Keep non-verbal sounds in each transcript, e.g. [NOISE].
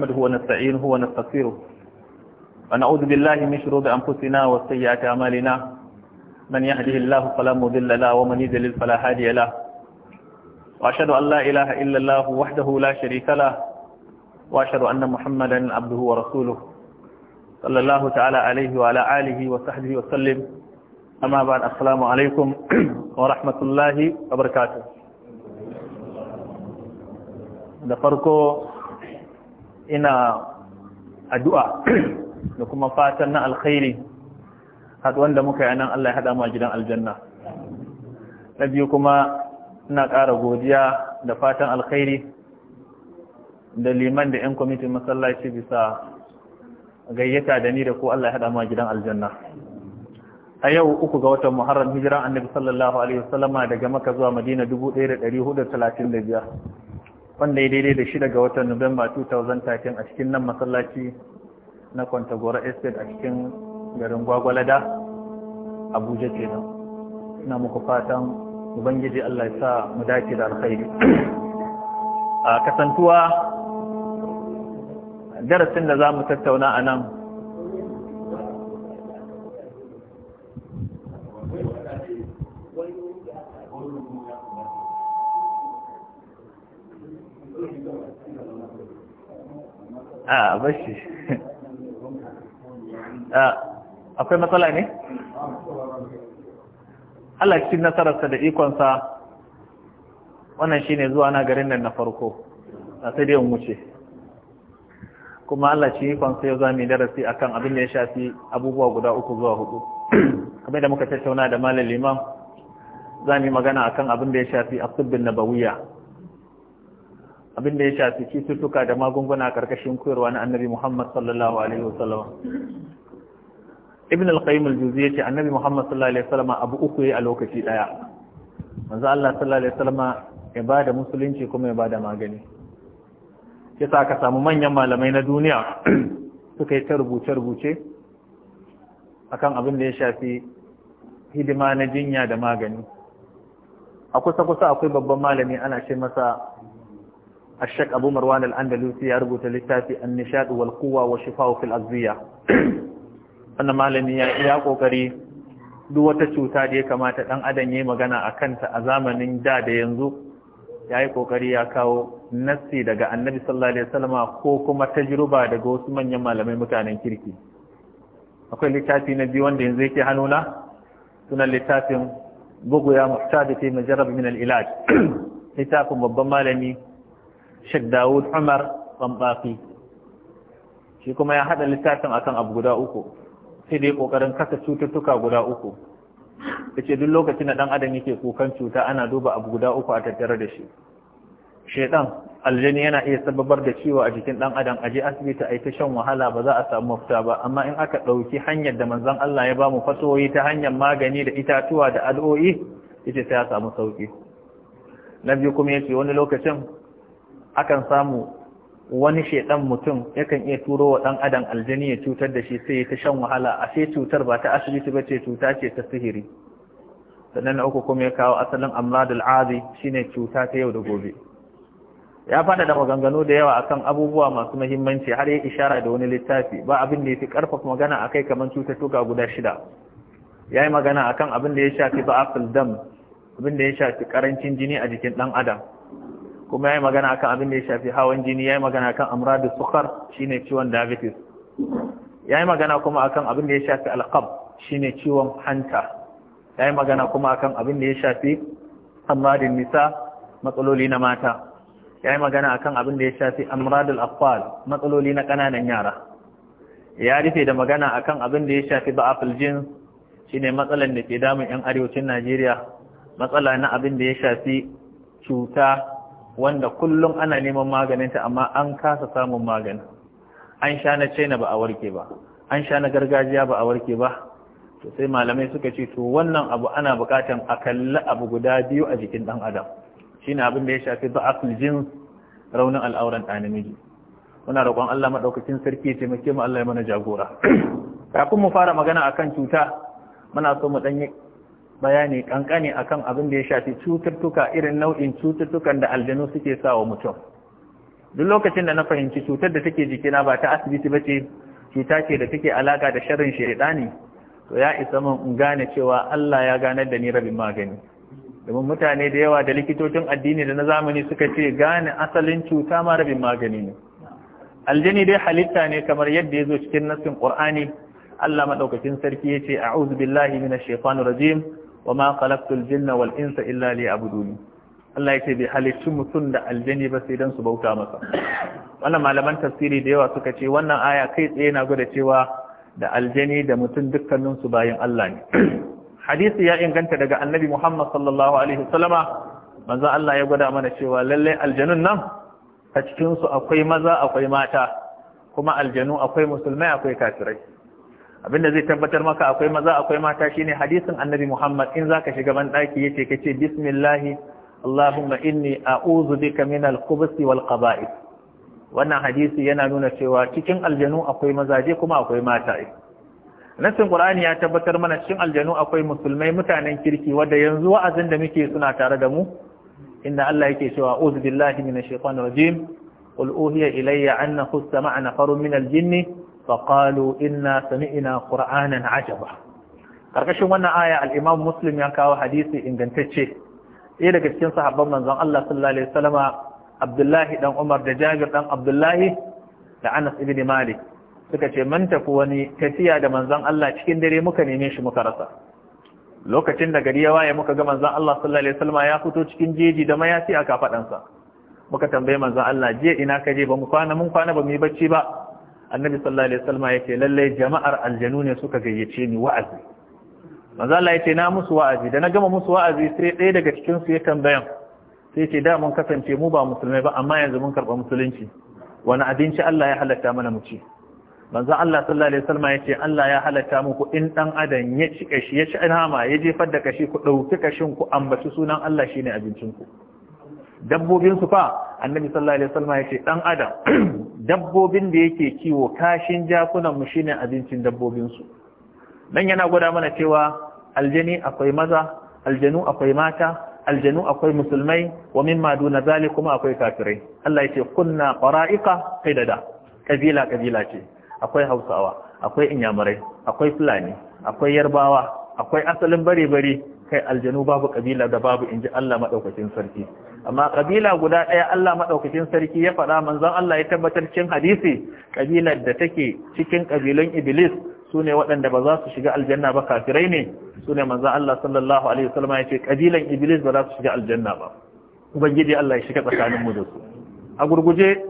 نحمده ونستعينه ونستغفره ونعوذ بالله من شرور أنفسنا وسيئات أعمالنا من يهده الله فلا مضل له ومن يضلل فلا هادي له وأشهد أن لا إله إلا الله وحده لا شريك له وأشهد أن محمدا عبده ورسوله صلى الله تعالى عليه وعلى آله وصحبه وسلم أما بعد السلام عليكم ورحمة الله وبركاته da farko ina addu'a da kuma fatan na alkhairi haduwan da muka yi nan Allah ya haɗa mu a gidan aljanna na biyu kuma ina ƙara godiya da fatan alkhairi da liman da 'yan kwamitin masallaci bisa gayyata da ni da ko Allah ya haɗa mu a gidan aljanna a yau uku ga watan muharram hijira annabi sallallahu alaihi wasallama daga maka zuwa madina 1435 wanda ya daidai da shi daga watan Nuwamba 2013 a cikin nan masallaci na Kwantagora Estate a cikin garin Gwagwalada Abuja kenan. Ina muku fatan Ubangiji Allah ya sa mu dace da alkhairi. A kasantuwa darasin da za mu tattauna a nan bashi akwai matsala ne? Allah cikin nasararsa da ikonsa wannan shi ne zuwa na garin nan na farko a sai dai wuce kuma Allah cikin ikonsa ya za darasi akan abin da ya shafi abubuwa guda uku zuwa hudu kamar [CLEARS THROAT] da muka tattauna da malam liman za magana akan abin da ya shafi asibin nabawiya abin da ya shafi cututtuka da magunguna karkashin koyarwa na annabi Muhammad sallallahu alaihi wasallam Ibn al-Qayyim al-Juzeyy ce annabi Muhammad sallallahu alaihi wasallam abu uku yayi a lokaci daya manzo Allah sallallahu alaihi wasallam ya bada musulunci kuma ya bada magani yasa ka samu manyan malamai na duniya [CLEARS THROAT] suka yi ta rubuce rubuce akan abin da ya shafi hidima na jinya da magani a kusa kusa akwai babban malami ana ce masa a الشيخ أبو مروان الأندلسي يربط للتافي النشاد والقوة والشفاء في الأغذية أنا malami يا kokari duk wata cuta da ya kamata dan adam ya yi magana a kanta a zamanin da da yanzu ya yi ƙoƙari ya kawo nassi daga annabi sallallahu alaihi wasallama ko kuma tajruba daga wasu manyan malamai mutanen kirki akwai littafi na biyu wanda yanzu yake hannuna sunan littafin bugu ya muhtajati majarrab min al littafin babban malami Sheikh Dawud Umar Bambafi shi kuma ya hada littafin akan abu guda uku sai dai kokarin kasa cututtuka guda uku yace duk lokacin da dan adam yake kokan cuta ana duba abu guda uku a tattare da shi shedan aljani yana iya sababar da ciwo a jikin dan adam aje asibiti ai ta shan wahala ba za a samu mafita ba amma in aka dauki hanyar da manzon Allah ya ba mu fatoyi ta hanyar magani da itatuwa da al'o'i yace sai ya samu sauki na biyu kuma yace wani lokacin akan samu wani shedan mutum yakan iya turo wa dan adam aljini ya cutar da shi sai ya ta shan wahala a sai cutar ba ta asibiti ba ce cuta ce ta sihiri sannan na uku kuma ya kawo asalin amladul azi shine cuta ta yau da gobe ya fada da maganganu da yawa akan abubuwa masu muhimmanci har ya ishara da wani littafi ba abin da ya fi karfafa magana akai kamar tuka guda shida ya yi magana akan abin da ya shafi ba dam abin da ya shafi karancin jini a jikin dan adam kuma ya yi magana akan abin da ya shafi hawan jini ya yi magana akan amradis sukar shine ciwon diabetes ya yi magana kuma akan abin da ya shafi alqab shine ciwon hanta ya yi magana kuma akan abin da ya shafi amradin nisa matsaloli na mata ya yi magana akan abin da ya shafi amradul afal matsaloli na ƙananan yara ya rufe da magana akan abin da ya shafi ba'afil jin shine matsalan da ke damun yan arewacin Najeriya matsala na abin da ya shafi cuta wanda kullum ana neman maganinta amma an kasa samun magani an sha na china ba a warke ba an sha na gargajiya ba a warke ba to sai malamai suka ce to wannan abu ana bukatan a kalli abu guda biyu a jikin dan adam shine abin da ya shafi da'aful jins raunin al'auran ɗan namiji muna roƙon Allah madaukakin sarki ya taimake mu Allah ya mana jagora [CLEARS THROAT] kafin mu fara magana akan cuta muna so mu dan bayani kankane akan abin da ya shafi cututtuka irin nau'in cututtukan da aljanu suke sa wa mutum duk lokacin da na fahimci cutar da take jikina ba ta asibiti ba ce cuta ce da take alaka da sharrin shaidani to ya isa min in gane cewa Allah ya ganar da ni rabin magani domin mutane da yawa da likitocin addini da na zamani suka ce gane asalin cuta ma rabin magani ne aljani dai halitta ne kamar yadda ya zo cikin nassin qur'ani Allah madaukakin sarki yace a'udhu billahi minash shaitanir rajim wa ma khalaqtul jinna wal insa illa liya'buduni Allah yake bai halittu mutum da aljani ba sai dan su bauta masa wannan malaman tafsiri da yawa suka ce wannan aya kai tsaye na gwada cewa da aljani da mutum dukkanin su bayan Allah ne hadisi ya inganta daga annabi Muhammad sallallahu alaihi wasallama manzo Allah ya gwada mana cewa lalle aljanun nan a cikin su akwai maza akwai mata kuma aljanu akwai musulmai akwai kafirai abinda zai tabbatar maka akwai maza akwai mata shine hadisin annabi Muhammad in zaka shiga ban daki yace kace bismillah Allahumma inni a'udhu bika min al-khubuth wal qaba'ith wannan hadisi yana nuna cewa cikin aljanu akwai mazaje kuma akwai mata nasin qur'ani ya tabbatar mana cikin aljanu akwai musulmai mutanen kirki wanda yanzu wa'azin da muke suna tare da mu inda Allah yake cewa a'udhu billahi minash shaitanir rajim qul uhiya ilayya annahu istama'a nafarun minal jinni فقالوا إنا سمعنا قرآنا عجبا karkashin wannan aya alimam Muslim ya kawo hadisi ingantacce ɗaya daga cikin sahabban manzon Allah sallallahu alaihi Abdullahi dan Umar da Jabir dan Abdullahi da Anas ibn Malik suka ce mun tafi wani tafiya da manzon Allah cikin dare muka neme shi muka rasa lokacin da gari ya waye muka ga manzon Allah sallallahu alaihi ya fito cikin jeji da mayafi a kafaɗansa muka tambaye manzon Allah je ina ka je ba mu kwana mun kwana ba mu yi bacci ba annabi sallallahu alaihi wasallam yace lalle jama'ar aljanu ne suka gayyace ni wa'azi manzo Allah yace na musu wa'azi da na gama musu wa'azi sai ɗaya daga cikin su ya tambayan sai ce da mun kasance mu ba musulmai ba amma yanzu mun karba musulunci wani abinci Allah ya halatta mana mu ci manzo Allah sallallahu alaihi wasallam yace Allah ya halatta muku in dan adam ya ci kashi ya ci nama ya jefar da kashi ku dauki kashin ku ambaci sunan Allah shine abincin ku dabbobin su fa annabi sallallahu alaihi wasallam ya ce dan adam [CLEARS THROAT] dabbobin da yake kiwo kashin jakunan mu shine abincin dabbobin su dan yana gwada mana cewa aljani akwai maza aljanu akwai mata aljanu akwai musulmai wa mimma duna zali kuma akwai kafirai Allah ya ce kunna qara'iqa qidada kabila kabila ce akwai Hausawa akwai Inyamurai akwai Fulani akwai Yarbawa akwai asalin bare-bare kai aljanu babu kabila da babu inji Allah madaukakin sarki amma kabila guda ɗaya Allah madaukakin sarki ya faɗa manzon Allah ya tabbatar cikin hadisi kabilar da take cikin kabilun iblis sune waɗanda ba za su shiga aljanna ba kafirai ne sune manzon Allah sallallahu alaihi wasallam ya ce kabilan iblis ba za su shiga aljanna ba ubangiji Allah ya shiga tsakanin mu da su a gurguje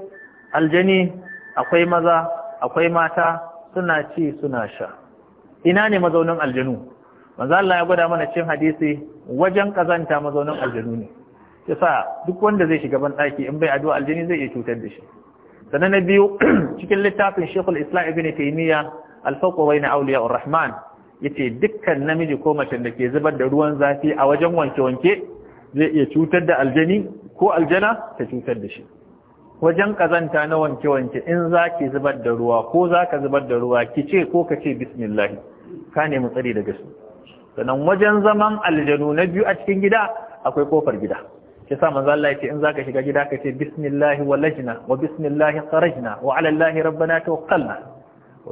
aljani akwai maza akwai mata suna ci suna sha ina ne mazaunin aljanu manzo Allah ya gwada mana cin hadisi wajen kazanta mazaunin aljanu ne yasa duk wanda zai shiga ban daki in bai addu'a aljini zai iya cutar da shi sanan na biyu [CLEARS THROAT] cikin littafin Sheikhul Islam Ibn Taymiyyah Al-Faqru bayna awliya ar-Rahman yace dukkan namiji ko mace da ke zubar da ruwan zafi a wajen wanke-wanke zai iya cutar da aljani ko aljana ta cutar da shi wajen kazanta na wanke-wanke in za ki zubar da ruwa ko za ka zubar da ruwa ki ce ko ka ce bismillah ka nemi tsari daga su sannan wajen zaman aljanu na biyu a cikin gida akwai kofar gida shi sa manzo Allah yake in zaka shiga gida ka ce bismillahi walajna wa bismillahi kharajna wa ala allahi rabbana tawakkalna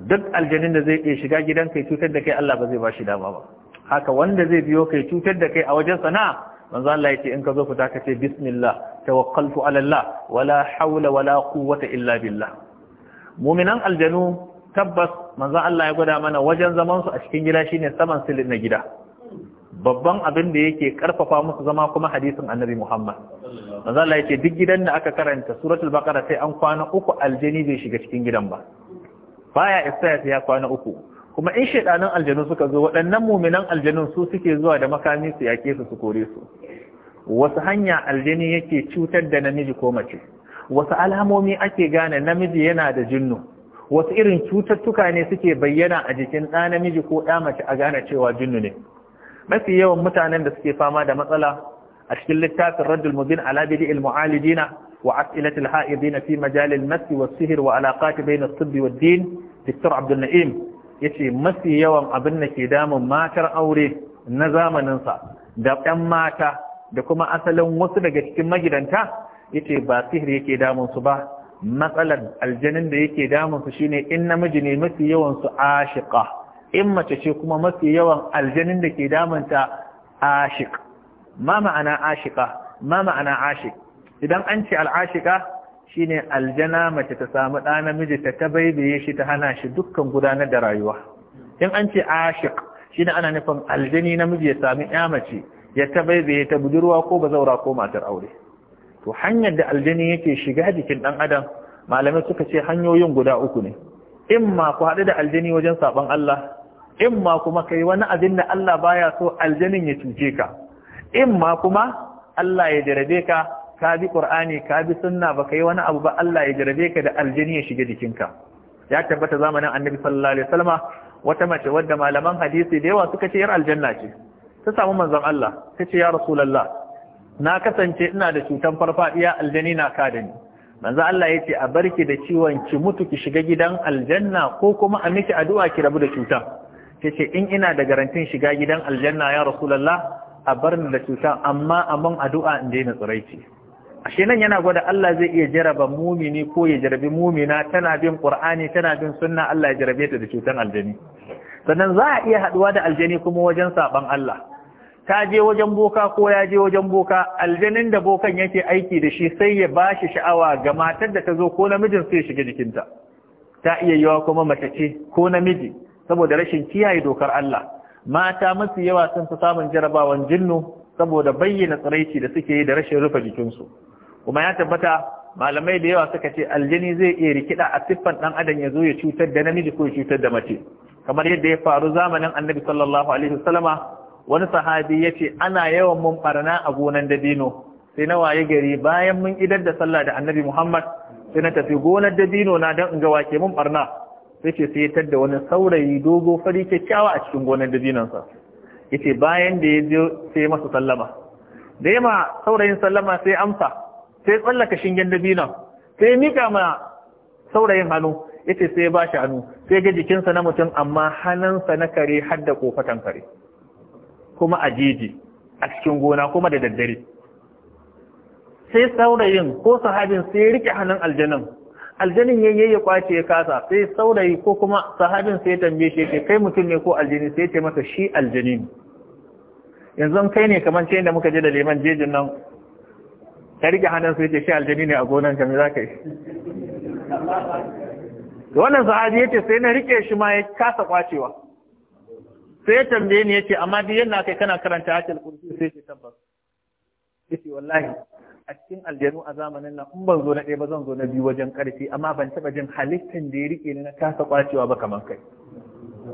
duk aljanin da zai iya shiga gidan kai cutar da kai Allah ba zai bashi dama ba haka wanda zai biyo kai cutar da kai a wajen sana manzo Allah yake in ka zo fita ka ce bismillah tawakkaltu ala Allah wala hawla wala quwwata illa billah mu'minan aljanu tabbas manzan Allah ya gwada mana wajen zaman su a cikin gida shine saman silin na gida babban abin da yake karfafa musu zama kuma hadisin annabi Muhammad manzon Allah yake duk gidan da aka karanta suratul baqara sai an kwana uku aljani bai shiga cikin gidan ba baya isa ya kwana uku kuma in shaidanan aljanu suka zo waɗannan muminan aljanun su suke zuwa da makami su yake su su kore su wasu hanya aljani yake cutar da namiji ko mace wasu alamomi ake gane namiji yana da jinnu wasu irin cututtuka ne suke bayyana a jikin ɗa namiji ko ɗa mace a gane cewa jinnu ne mafi yawan mutanen da suke fama da matsala a cikin littafin raddul mubin ala bidi'il mu'alidina wa as'ilatil ha'idina fi majalil masi wa sihir wa alaqati bayna as-sibbi wad-din Dr. Abdul Na'im yace mafi yawan abin da ke damun matar aure na zamanin sa da ɗan mata da kuma asalin wasu daga cikin magidanta yace ba sihir yake damun su ba matsalar aljanin da yake damun su shine in namiji ne mafi yawan su in mace ce kuma mafi yawan aljanin da ke damunta ashiƙ ma ma'ana ashiƙa ma ma'ana ashiƙ idan an ce al'ashiqa shine aljana mace ta samu ɗa namiji ta tabaibaye shi ta hana shi dukkan gudanar da rayuwa in an ce ashiq shine ana nufin aljani namiji ya sami ya mace ya tabaibaye ta budurwa ko bazaura ko matar aure to hanyar da aljini yake shiga jikin ɗan adam malamai suka ce hanyoyin guda uku ne in ma ku haɗu da aljini wajen saɓon Allah in ma kuma kai wani abin da Allah baya so aljinin ya cuce ka in ma kuma Allah ya jarabe ka ka bi Qur'ani ka bi sunna ba kai wani abu ba Allah ya jarabe ka da aljini ya shiga jikinka ya tabbata zamanin Annabi sallallahu alaihi wasallama wata mace wadda malaman hadisi da yawa suka ce yar aljanna ce ta samu manzon Allah ta ce ya rasulullah na kasance ina da cutan farfadiya aljani na ka da ni manzo Allah yace a barki da ciwon ki mutu ki shiga gidan aljanna ko kuma a miki addu'a ki rabu da cutan kace in ina da garantin shiga gidan aljanna ya rasulullah a bar ni da cutan amma amman addu'a in daina tsiraici ashe nan yana gwada Allah zai iya jaraba mumini ko ya jarabi mumina tana bin Qur'ani tana bin sunna Allah ya jarabe ta da cutan aljani sannan za a iya haduwa da aljani kuma wajen saban Allah ta je wajen boka ko ya je wajen boka aljanin da bokan yake aiki da shi sai ya ba shi sha'awa ga matar da ta zo ko namijin sai shiga jikinta ta iya yawa kuma mace ce ko namiji saboda rashin kiyaye dokar Allah mata masu yawa sun fi samun jarabawan jinnu saboda bayyana tsiraici da suke yi da rashin rufe jikinsu kuma ya tabbata malamai da yawa suka ce aljani zai iya rikida a siffan dan adam ya zo ya cutar da namiji ko ya cutar da mace kamar yadda ya faru zamanin annabi sallallahu alaihi wasallama wani sahabi ya ce ana yawan mun barna a gonan dabino sai na waye gari bayan mun idar da sallah da annabi muhammad sai na tafi gonar dabino na don in ga wake mun barna sai ce sai ya da wani saurayi dogo fari kyakkyawa a cikin gonar dabinonsa ya ce bayan da ya je sai masa sallama da ma saurayin sallama sai amsa sai tsallaka shingen dabinon sai mika ma saurayin hannu ya ce sai ba shi hannu sai ga jikinsa na mutum amma hannunsa na kare har da kofatan kare kuma a jeji a cikin gona kuma da daddare sai saurayin ko sahabin sai ya rike hannun aljanin aljanin ya ya kwace ya kasa sai saurayi ko kuma sahabin sai ya tambaye shi yake kai mutum ne ko aljini sai ya ce masa shi aljini yanzu kai ne kamar ce da muka je da leman jejin nan ka rike hannun sai ce shi aljini ne a gonan ka me za ka yi wannan sahabi ya ce sai na rike shi ma ya kasa kwacewa sai ya tambaye ni yace amma duk yana kai kana karanta ayatul kursi sai ce tabbas yace wallahi a cikin aljanu a zamanin nan in ban zo na ɗaya ba zan zo na biyu wajen ƙarfi amma ban taɓa jin halittan da ya rike ni na kasa kwacewa ba kamar kai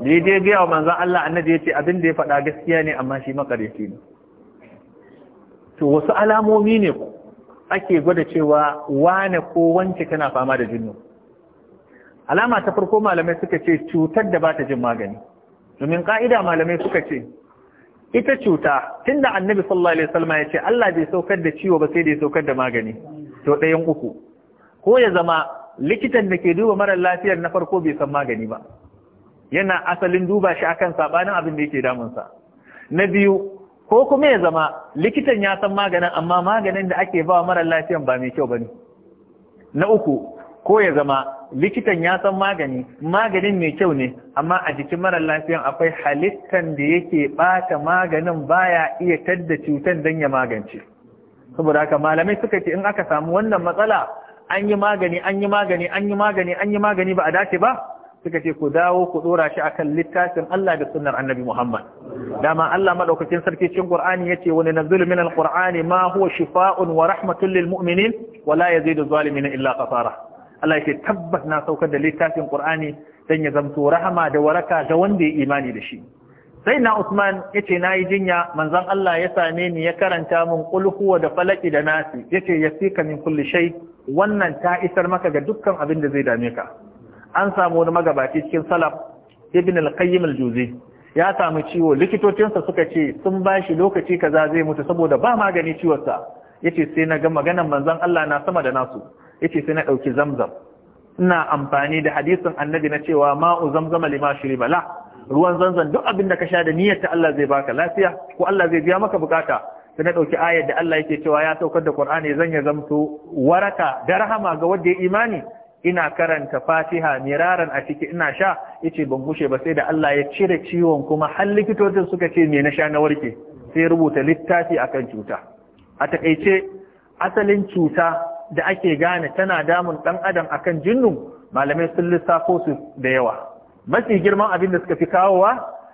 dai ga wa manzon Allah annabi ya ce abin da ya faɗa gaskiya ne amma shi makaryaci ne to wasu alamomi ne ake gwada cewa wane ko wance kana fama da jinnu alama ta farko malamai suka ce cutar da ba ta jin magani domin ƙa'ida malamai suka ce ita cuta tunda annabi sallallahu alaihi wasallam ya ce Allah bai saukar da ciwo ba sai dai saukar da magani to ɗayan uku ko ya zama likitan da ke duba marar lafiyar na farko bai san magani ba yana asalin duba shi akan sabanin abin da yake damunsa na biyu ko kuma ya zama likitan ya san maganin amma maganin da ake ba marar lafiyar ba mai kyau ba ne? na uku ko ya zama likitan ya san magani maganin mai kyau ne amma a jikin mara lafiyan akwai halittan da yake bata maganin baya iya tadda cutan don ya magance saboda haka malamai suka ce in aka samu wannan matsala an yi magani an yi magani an yi magani an yi magani ba a dace ba suka ce ku dawo ku dora shi akan littafin Allah da sunnar Annabi Muhammad dama Allah madaukakin sarki cikin Qur'ani yace wani na minal Qur'ani ma huwa shifaa'un wa rahmatun lil mu'minin wa la yazidu zalimin illa khasara Allah ya ce tabbas na saukar da littafin Qur'ani dan ya zamto rahama da waraka ga wanda ya imani da shi sai na Usman yace nayi jinya manzon Allah ya same ni ya karanta min qul da falaki da nasi yace yasika min kulli shay wannan ta isar maka ga dukkan abin da zai dame ka an samu wani magabaci cikin salaf ibn al-qayyim al-juzi ya samu ciwo likitocinsa suka ce sun bashi lokaci kaza zai mutu saboda ba magani ciwon sa yace sai na ga maganan manzon Allah na sama da nasu yace sai na dauki zamzam ina amfani da hadisin annabi na cewa ma'u zamzama lima shriba la ruwan zamzam duk abin da ka sha da niyyar ta Allah zai baka lafiya ko Allah zai biya maka bukata sai na dauki ayar da Allah yake cewa ya saukar da Qur'ani zan ya zamto waraka da rahama ga wanda ya imani ina karanta Fatiha miraran a ciki ina sha yace ban gushe ba sai da Allah ya cire ciwon kuma har likitocin suka ce me na sha na warke sai rubuta littafi akan cuta a takeice asalin cuta da ake gane tana damun ɗan adam a kan jinnu malamai sun lissafo su da yawa mafi girman abin da suka fi kawowa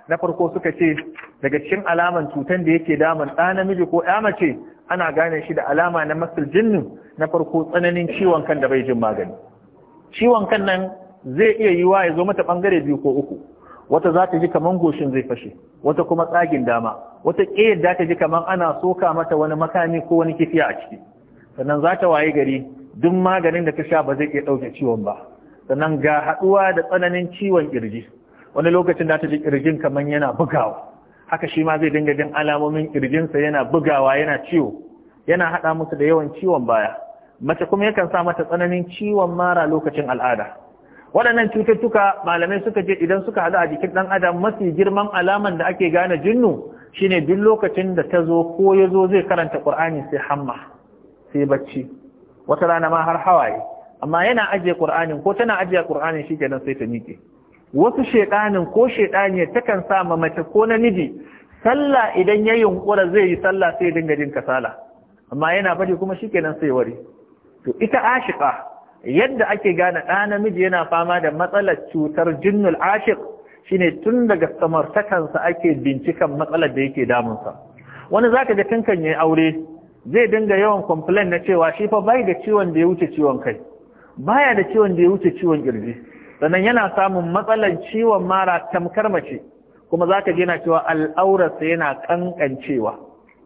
na farko suka ce daga cikin alaman cutan da yake damun ɗa namiji ko ɗa mace ana gane shi da alama na masul jinnun na farko tsananin ciwon kan da bai jin magani ciwon kan nan zai iya yiwa ya zo mata ɓangare biyu ko uku wata za ta ji kaman goshin zai fashe wata kuma tsagin dama wata ƙeyar da ta ji kamar ana soka mata wani makami ko wani kifiya a ciki sannan za ta waye gari duk maganin da ta sha ba zai iya ɗauke ciwon ba sannan ga haɗuwa da tsananin ciwon ƙirji wani lokacin da ta ji ƙirjin kamar yana bugawa haka shi ma zai dinga jin alamomin ƙirjinsa yana bugawa yana ciwo yana haɗa musu da yawan ciwon baya mace kuma yakan sa mata tsananin ciwon mara lokacin al'ada waɗannan cututtuka malamai suka je idan suka haɗu a jikin ɗan adam mafi girman alaman da ake gane jinnu shine duk lokacin da ta zo ko ya zo zai karanta ƙur'ani sai hamma sai bacci wata rana ma har hawaye amma yana ajiye qur'anin ko tana ajiye qur'anin shikenan sai ta miƙe wasu sheɗanin ko shedaniya takan sa ma mace ko namiji sallah idan ya yunkura zai yi sallah sai dinga jin kasala amma yana fadi kuma shikenan sai wari to ita ashiqa yadda ake gane ɗa namiji yana fama da matsalar cutar jinnul ashiq shine tun daga samartakansa ake bincikan matsalar da yake damunsa wani zaka ga tunkan yayi aure zai dinga yawan complain na cewa shi fa bai da ciwon da ya wuce ciwon kai baya da ciwon da ya wuce ciwon kirji sannan yana samun matsalan ciwon mara tamkar mace kuma zaka ji yana cewa al'aurarsa yana kankancewa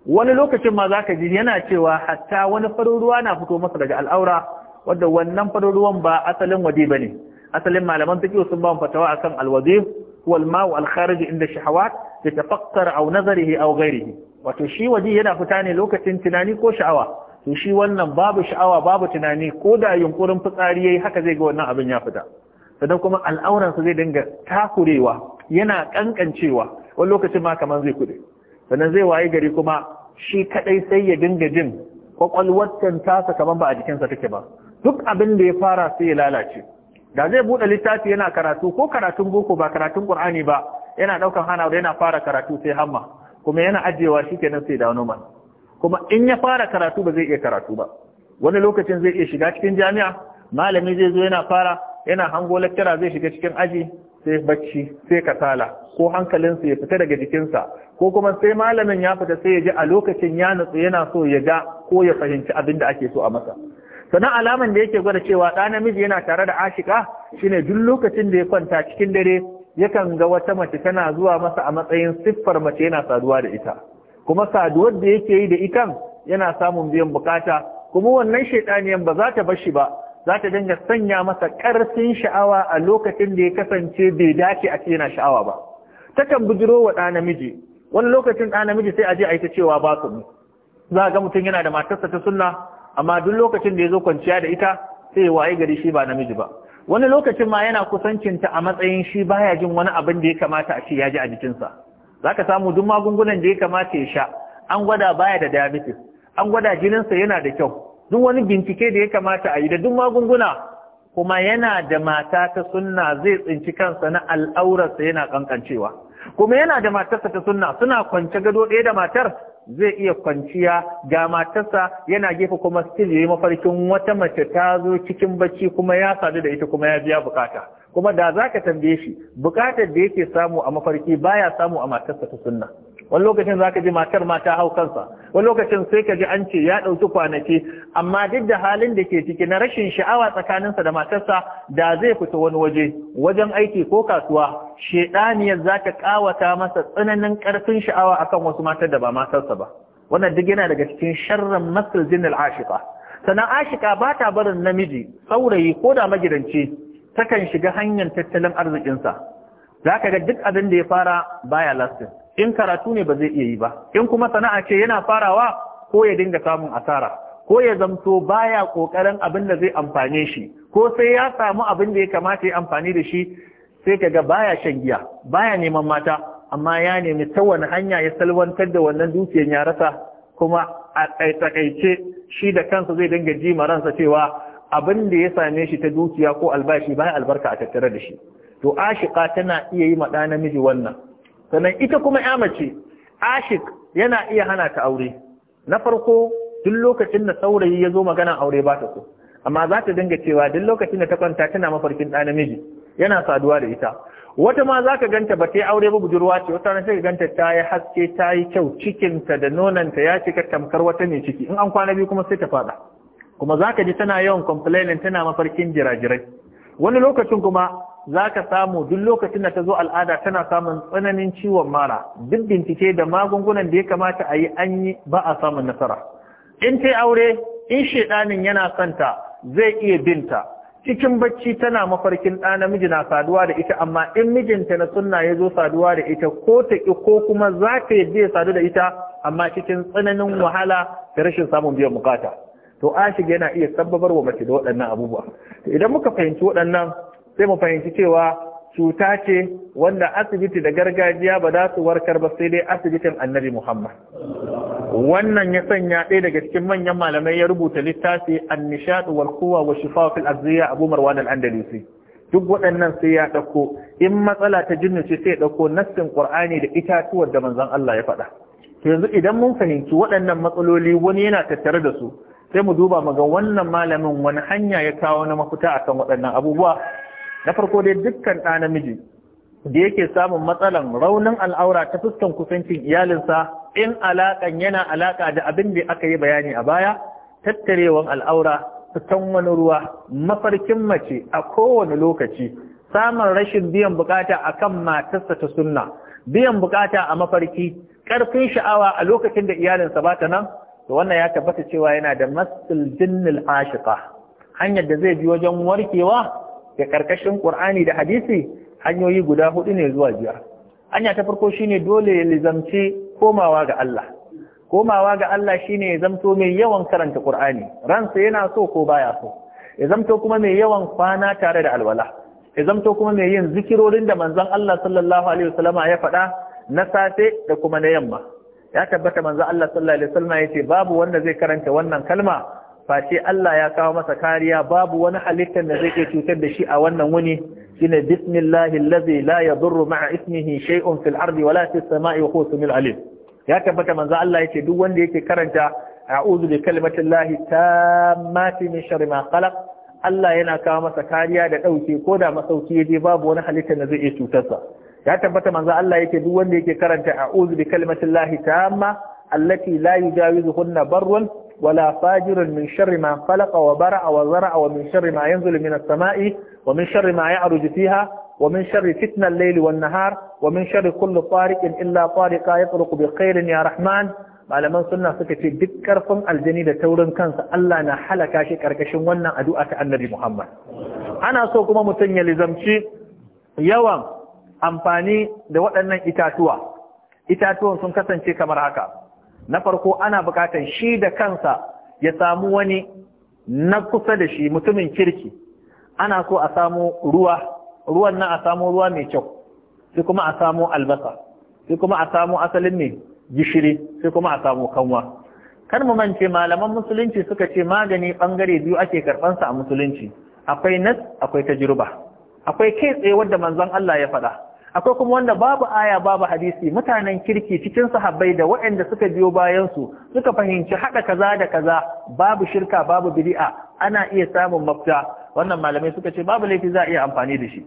wani lokacin ma zaka ji yana cewa hatta wani farin na fito masa daga al'aura wanda wannan farin ba asalin waje bane asalin malaman fiqh sun ba mu fatawa akan al-wazif huwa mau al-kharij inda shahawat yatafakkar aw nazarihi aw ghairihi wato shi waje yana fita ne lokacin tunani ko sha'awa to shi wannan babu sha'awa babu tunani ko da yunkurin fitsari yayi haka zai ga wannan abin ya fita sannan kuma su zai dinga takurewa yana kankancewa wani lokacin ma kamar zai kuɗe sannan zai waye gari kuma shi kadai sai ya dinga jin kwakwalwatan tasa kamar ba a sa take ba duk abin da ya fara sai ya lalace da zai buɗe littafi yana karatu ko karatun boko ba karatun qur'ani ba yana ɗaukan hana yana fara karatu sai hamma kuma yana ajiyewa shi kenan sai da noma kuma in ya fara karatu ba zai iya karatu ba wani lokacin zai iya shiga cikin jami'a malami zai zo yana fara yana hango lecturer zai shiga cikin aji sai bacci sai kasala ko hankalinsa ya fita daga jikinsa ko kuma sai malamin ya fita sai ya ji a lokacin ya nutsu yana so ya ga ko ya fahimci abin da ake so a masa sannan alaman da yake gwada cewa ɗa namiji yana tare da ashika shine duk lokacin da ya kwanta cikin dare yakan ga wata mace tana zuwa masa a matsayin siffar mace yana saduwa da ita kuma saduwar da yake yi da itan yana samun biyan bukata kuma wannan shaidaniyan ba za ta bar shi ba za ta dinga sanya masa karfin sha'awa a lokacin da ya kasance bai dace a ce yana sha'awa ba takan bujiro wa ɗa namiji wani lokacin ɗa namiji sai a je a yi ta cewa ba su za ga mutum yana da matarsa ta sunna amma duk lokacin da ya zo kwanciya da ita sai waye gari shi ba namiji ba wani lokacin ma yana kusancinta a matsayin shi baya jin wani abin da ya kamata a ce ya ji a jikinsa Za ka samu duk magungunan da ya kamata ya sha an gwada baya da diabetes an gwada jininsa yana da kyau duk wani bincike da ya kamata a yi da duk magunguna kuma yana da mata ta sunna zai tsinci kansa na al'aurarsa yana kankancewa kuma yana da matarsa ta sunna suna kwance gado ɗaya da matar zai iya kwanciya ga matarsa yana gefe kuma still yayi mafarkin wata mace ta zo cikin bacci kuma ya sadu da ita kuma ya biya bukata kuma da zaka tambaye shi bukatar da yake samu a mafarki baya samu a matarsa ta sunna wani lokacin za ka ji matar ma ta hau kansa wani lokacin sai ka ji an ce ya ɗauki kwanaki amma duk da halin da ke ciki na rashin sha'awa tsakaninsa da matarsa da zai fita wani waje wajen aiki ko kasuwa shaiɗaniyar za ta ƙawata masa tsananin ƙarfin sha'awa akan wasu matar da ba matarsa ba wannan duk yana daga cikin sharrin masar jinnil ashika sannan ashika ba ta barin namiji saurayi ko da magidanci takan shiga hanyar tattalin arzikinsa za ka ga duk abin da ya fara baya lastin in karatu ne ba zai iya yi ba in kuma sana'a ce yana farawa ko ya dinga samun asara ko ya zamto baya kokarin abin da zai amfane shi ko sai ya samu abin da ya kamata ya amfani da shi sai kaga baya shan giya baya neman mata amma ya nemi ta wani hanya ya salwantar da wannan dukiyar ya rasa kuma a takaice shi da kansa zai dinga ji maransa cewa abin da ya same shi ta dukiya ko albashi baya albarka a tattare da shi to ashiqa tana iya yi ma ɗa namiji wannan sannan ita kuma ya mace ashik yana iya hana ta aure na farko duk lokacin da saurayi ya zo magana aure ba ta so amma za ta dinga cewa duk lokacin da ta kwanta tana mafarkin ɗa namiji yana saduwa da ita wata ma za ka ganta ba ta yi aure ba budurwa ce wata ranar sai ka ganta ta yi haske ta yi kyau cikinta da nonanta ya cika tamkar wata mai ciki in an kwana biyu kuma sai ta faɗa kuma za ka ji tana yawan complaining tana mafarkin jirajirai wani lokacin kuma za ka samu duk lokacin da ta zo al'ada tana samun tsananin ciwon mara duk bincike da magungunan da ya kamata a yi an yi ba a samun nasara in ta aure in shaidanin yana santa zai iya binta cikin bacci tana mafarkin ɗa namiji na saduwa da ita amma in mijinta na sunna ya zo saduwa da ita ko ta ƙi ko kuma za ka yadda ya sadu da ita amma cikin tsananin wahala da rashin samun biyan bukata to shiga yana iya sababar wa mace da waɗannan abubuwa idan muka fahimci waɗannan sai mu fahimci cewa cuta ce wanda asibiti da gargajiya ba za su warkar ba sai dai asibitin annabi Muhammad. Wannan ya sanya ɗaya daga cikin manyan malamai ya rubuta littafi a wal quwa wa shifa fil azziya Abu Marwan al Duk waɗannan sai ya ɗauko in matsala ta jinnu ce sai ya ɗauko nassin ƙur'ani da itatuwar da manzon Allah ya faɗa. yanzu idan mun fahimci waɗannan matsaloli wani yana tattare da su sai mu duba mu ga wannan malamin wani hanya ya kawo na mafita akan waɗannan abubuwa na farko dai dukkan ɗa namiji da yake samun matsalan raunin al'aura ta fuskan kusancin iyalinsa in alaƙan yana alaƙa da abin da aka yi bayani a baya tattarewan al'aura fitan wani ruwa mafarkin mace a kowane lokaci samun rashin biyan bukata kan matarsa ta sunna biyan bukata a mafarki ƙarfin sha'awa a lokacin da iyalinsa ba ta nan to wannan ya tabbata cewa yana da masul jinnil ashiqa hanyar da zai bi wajen warkewa da ƙarƙashin Qur'ani da hadisi hanyoyi guda hudu ne zuwa biyar hanya ta farko shine dole ya lizamci komawa ga Allah komawa ga Allah shine ya zamto mai yawan karanta Qur'ani ransa yana so ko baya so ya zamto kuma mai yawan kwana tare da alwala ya zamto kuma mai yin zikirorin da manzon Allah sallallahu alaihi wasallama ya faɗa na safe da kuma na yamma ya tabbata manzon Allah sallallahu alaihi wasallama yace babu wanda zai karanta wannan kalma face Allah ya kawo masa kariya babu wani halittar da zai iya cutar da shi a wannan wuni shine bismillahi allazi la yadurru ma'a ismihi shay'un fil ardi wala fis sama'i wa huwa samil alim ya tabbata manzo Allah yace duk wanda yake karanta a'udhu bi kalimatillahi tammati min sharri ma khalaq Allah yana kawo masa kariya da dauke ko da masauki yaje babu wani halittar da zai iya cutar sa ya tabbata manzo Allah yake duk wanda yake karanta a'udhu bi kalimatillahi tamma allati la yujawizuhunna barrun ولا فاجر من شر ما خلق وبرع وزرع ومن شر ما ينزل من السماء ومن شر ما يعرج فيها ومن شر فتن الليل والنهار ومن شر كل طارق إلا طارق يطرق بخير يا رحمن malaman suna suka ce duk karfin aljani da taurin kansa Allah na halaka shi karkashin wannan addu'a ta Annabi Muhammad ana so kuma mutum ya lizamci yawan amfani da waɗannan itatuwa itatuwan sun kasance kamar haka na farko ana bukatar shi da kansa ya samu wani na kusa da shi mutumin kirki ana so a samu ruwa ruwan nan a samu ruwa mai kyau sai kuma a samu albasa sai kuma a samu asalin mai gishiri sai kuma a samu kanwa kar mu mance malaman musulunci suka ce magani bangare biyu ake sa a musulunci akwai nas akwai tajruba akwai kai tsaye wanda manzon Allah ya faɗa akwai kuma wanda babu aya babu hadisi mutanen kirki cikin sahabbai da waɗanda suka biyo bayansu suka fahimci haɗa kaza da kaza babu shirka babu bid'a ana iya samun mafita wannan malamai suka ce babu laifi za a iya amfani da shi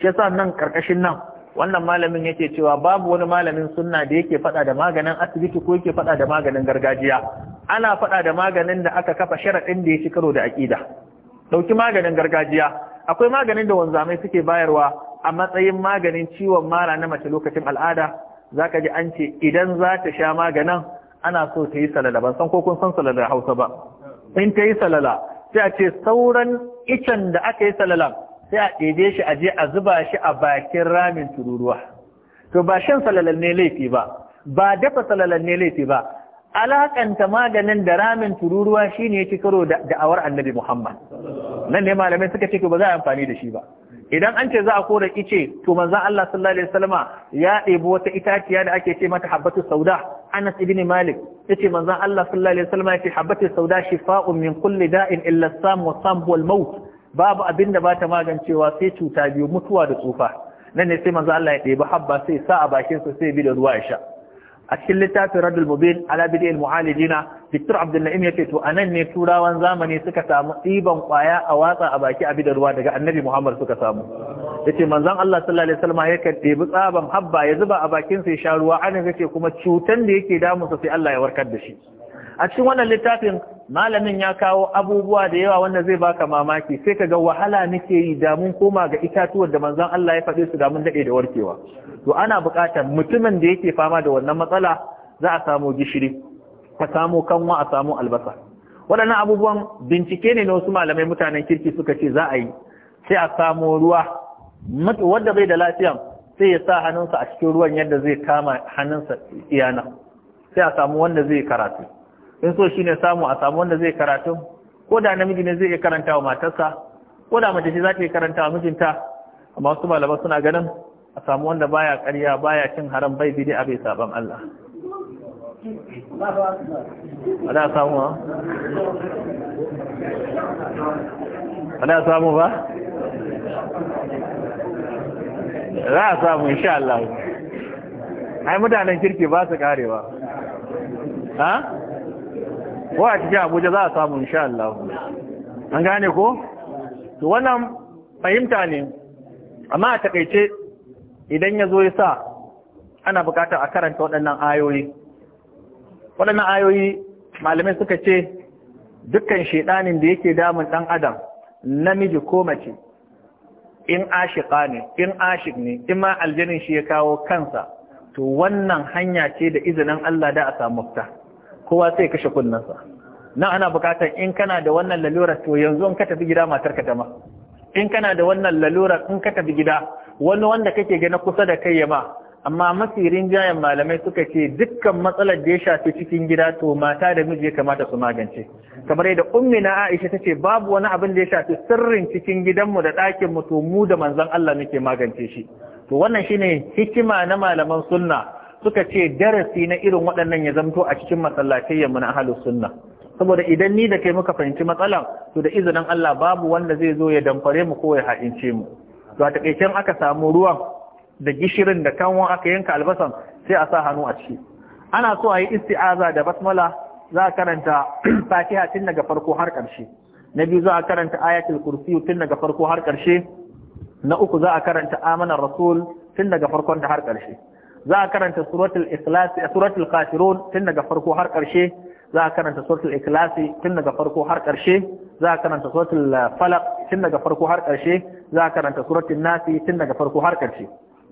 shi yasa nan karkashin nan wannan malamin yake cewa babu wani malamin sunna da yake fada da maganin asibiti ko yake faɗa da maganin gargajiya ana faɗa da maganin da aka kafa sharadin da ya ci karo da aƙida. Ɗauki maganin gargajiya akwai maganin da wanzamai suke bayarwa a matsayin maganin ciwon mara na mace lokacin al'ada Za ka ji an ce idan za ta sha maganin ana so ta yi salala ban san ko kun san salala Hausa ba in ta yi salala sai a ce sauran icen da aka yi salala sai a ɗebe shi a je a zuba shi a bakin ramin tururuwa to ba shan salalan ne laifi ba ba dafa salalan ne laifi ba alakanta maganin da ramin tururuwa shine ya ci karo da da'awar annabi Muhammad nan ne malamai suka ce ba za a amfani da shi ba idan an ce za a kore ice to manzon Allah sallallahu alaihi wasallama ya ɗebi wata itaciya da ake ce mata habbatu sauda Anas ibn Malik yace manzo Allah sallallahu alaihi wasallama yace habbatu sauda shifa'un min kulli da'in illa sam wa sam wal maut babu abinda ba ta magancewa sai cuta biyu mutuwa da tsufa nan ne sai manzan Allah ya ɗebi habba sai sa a bakin sa sai bi da ruwa ya sha a cikin littafin radul mubin ala na, mu'alidina Dr. Abdul Na'im yace to anan ne turawan zamani suka samu ɗiban kwaya a watsa a baki a bidar ruwa daga Annabi Muhammad suka samu yace manzon Allah sallallahu alaihi wasallam yakan ɗebi tsaban habba ya zuba a bakin sai sha ruwa anan ce, kuma cutan da yake damunsa sai Allah ya warkar da shi a cikin wannan littafin malamin ya kawo abubuwa da yawa wanda zai baka mamaki sai ka ga wahala nake yi da mun koma ga itatuwar da manzon Allah ya faɗe su da mun dade da warkewa to ana buƙatar mutumin da yake fama da wannan matsala za a samu gishiri ka samu kanwa a samu albasa waɗannan abubuwan bincike ne na wasu malamai mutanen kirki suka ce za a yi sai a samu ruwa wanda bai da lafiya sai ya sa hannunsa a cikin ruwan yadda zai kama hannunsa iyana sai a samu wanda zai karatu in so shi ne samu a samu wanda zai karatu ko da namiji ne zai iya karanta wa matarsa ko da mace ce za ta iya karanta wa mijinta amma wasu malaman suna ganin a samu wanda baya ƙarya baya cin haram bai bidi a bai saban Allah ba samu ba ba samu ba za a samu insha Allah ai mutanen kirki ba su karewa ha ko a cikin abuja za a samu insha Allah an gane ko to wannan fahimta ne amma a takaice idan ya zo ya sa ana bukatar a karanta waɗannan ayoyi waɗannan ayoyi malamai suka ce dukkan shaidanin da yake damun ɗan adam namiji ko mace in ashika ne in ashik ne in ma aljanin shi ya kawo kansa to wannan hanya ce da izinin Allah da a samu mafita kowa sai kashe kunnansa Na ana bukatar in kana da wannan lalura to yanzu in ka tafi gida matarka ka ma in kana da wannan lalura in ka tafi gida wani wanda kake gani kusa da kai ya ma amma masirin rinjayen malamai suka ce dukkan matsalar da ya shafi cikin gida to mata da miji ya kamata su magance kamar yadda ummi na Aisha ta ce babu wani abin da ya shafi sirrin cikin gidanmu da ɗakinmu to mu da manzon Allah muke magance shi to wannan shine hikima na malaman sunna suka ce darasi na irin waɗannan ya zamto a cikin masallatai yamma na sunna saboda idan ni da kai muka fahimci matsalan to da izinin Allah babu wanda zai zo ya damfare mu ko ya haɗince mu to a takaicen aka samu ruwan da gishirin da kanwa aka yanka albasan sai a sa hannu a ciki ana so a yi isti'aza da basmala za a karanta [CLEARS THROAT] fatiha tun daga farko har ƙarshe na biyu za a karanta ayatul kursi tun daga farko har ƙarshe na uku za a karanta amanar rasul tun daga farkon da har ƙarshe za a karanta suratul ikhlas suratul kafirun tun daga farko har karshe za a karanta suratul ikhlas tun daga farko har karshe za a karanta suratul eh, falaq tun daga farko har karshe za a karanta suratul nas tun daga farko har karshe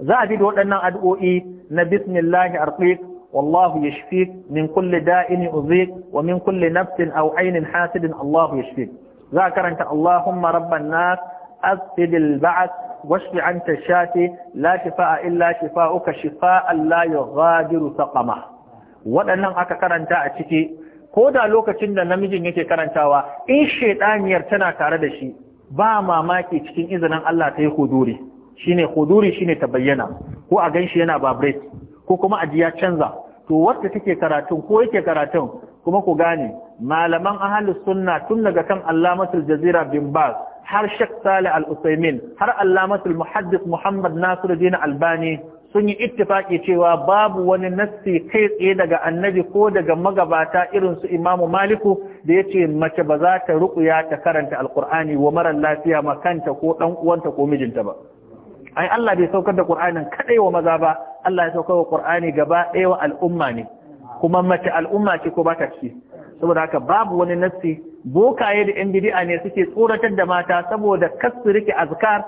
za a bi da waɗannan addu'o'i na bismillah arqiq wallahu yashfik min kulli da'in uzik wa min kulli nafsin aw ainin hasidin Allahu yashfik za a karanta Allahumma rabban nas أفد البعث واشف عن تشاتي لا شفاء إلا شفاءك شفاء لا يغادر سقما waɗannan aka karanta a ciki ko da lokacin da namijin yake karantawa in shaidaniyar tana tare da shi ba mamaki cikin izinin Allah ta yi huduri ne huduri ne ta bayyana ko a gan shi yana babret ko kuma a ji canza to wata take karatun ko yake karatun kuma ku gane malaman ahalus sunna tun daga kan Allamatul Jazira bin har Sheikh Saleh Al-Usaimin har Allamatul Muhaddis Muhammad Nasiruddin Albani sun yi ittifaki cewa babu wani nassi kai tsaye daga annabi ko daga magabata irin su Imam Maliku da yace mace ba za ta ruƙuya ta karanta Alƙur'ani wa marar lafiya ma kanta ko ɗan uwanta ko mijinta ba ai Allah bai saukar da Qur'anin kadai wa maza ba Allah ya saukar da Qur'ani gaba ɗaya wa al'umma ne kuma mace al'umma ce ko ba ta ciki saboda haka babu wani nassi bokaye da yan bidi'a ne suke tsoratar da mata saboda kar su rike azkar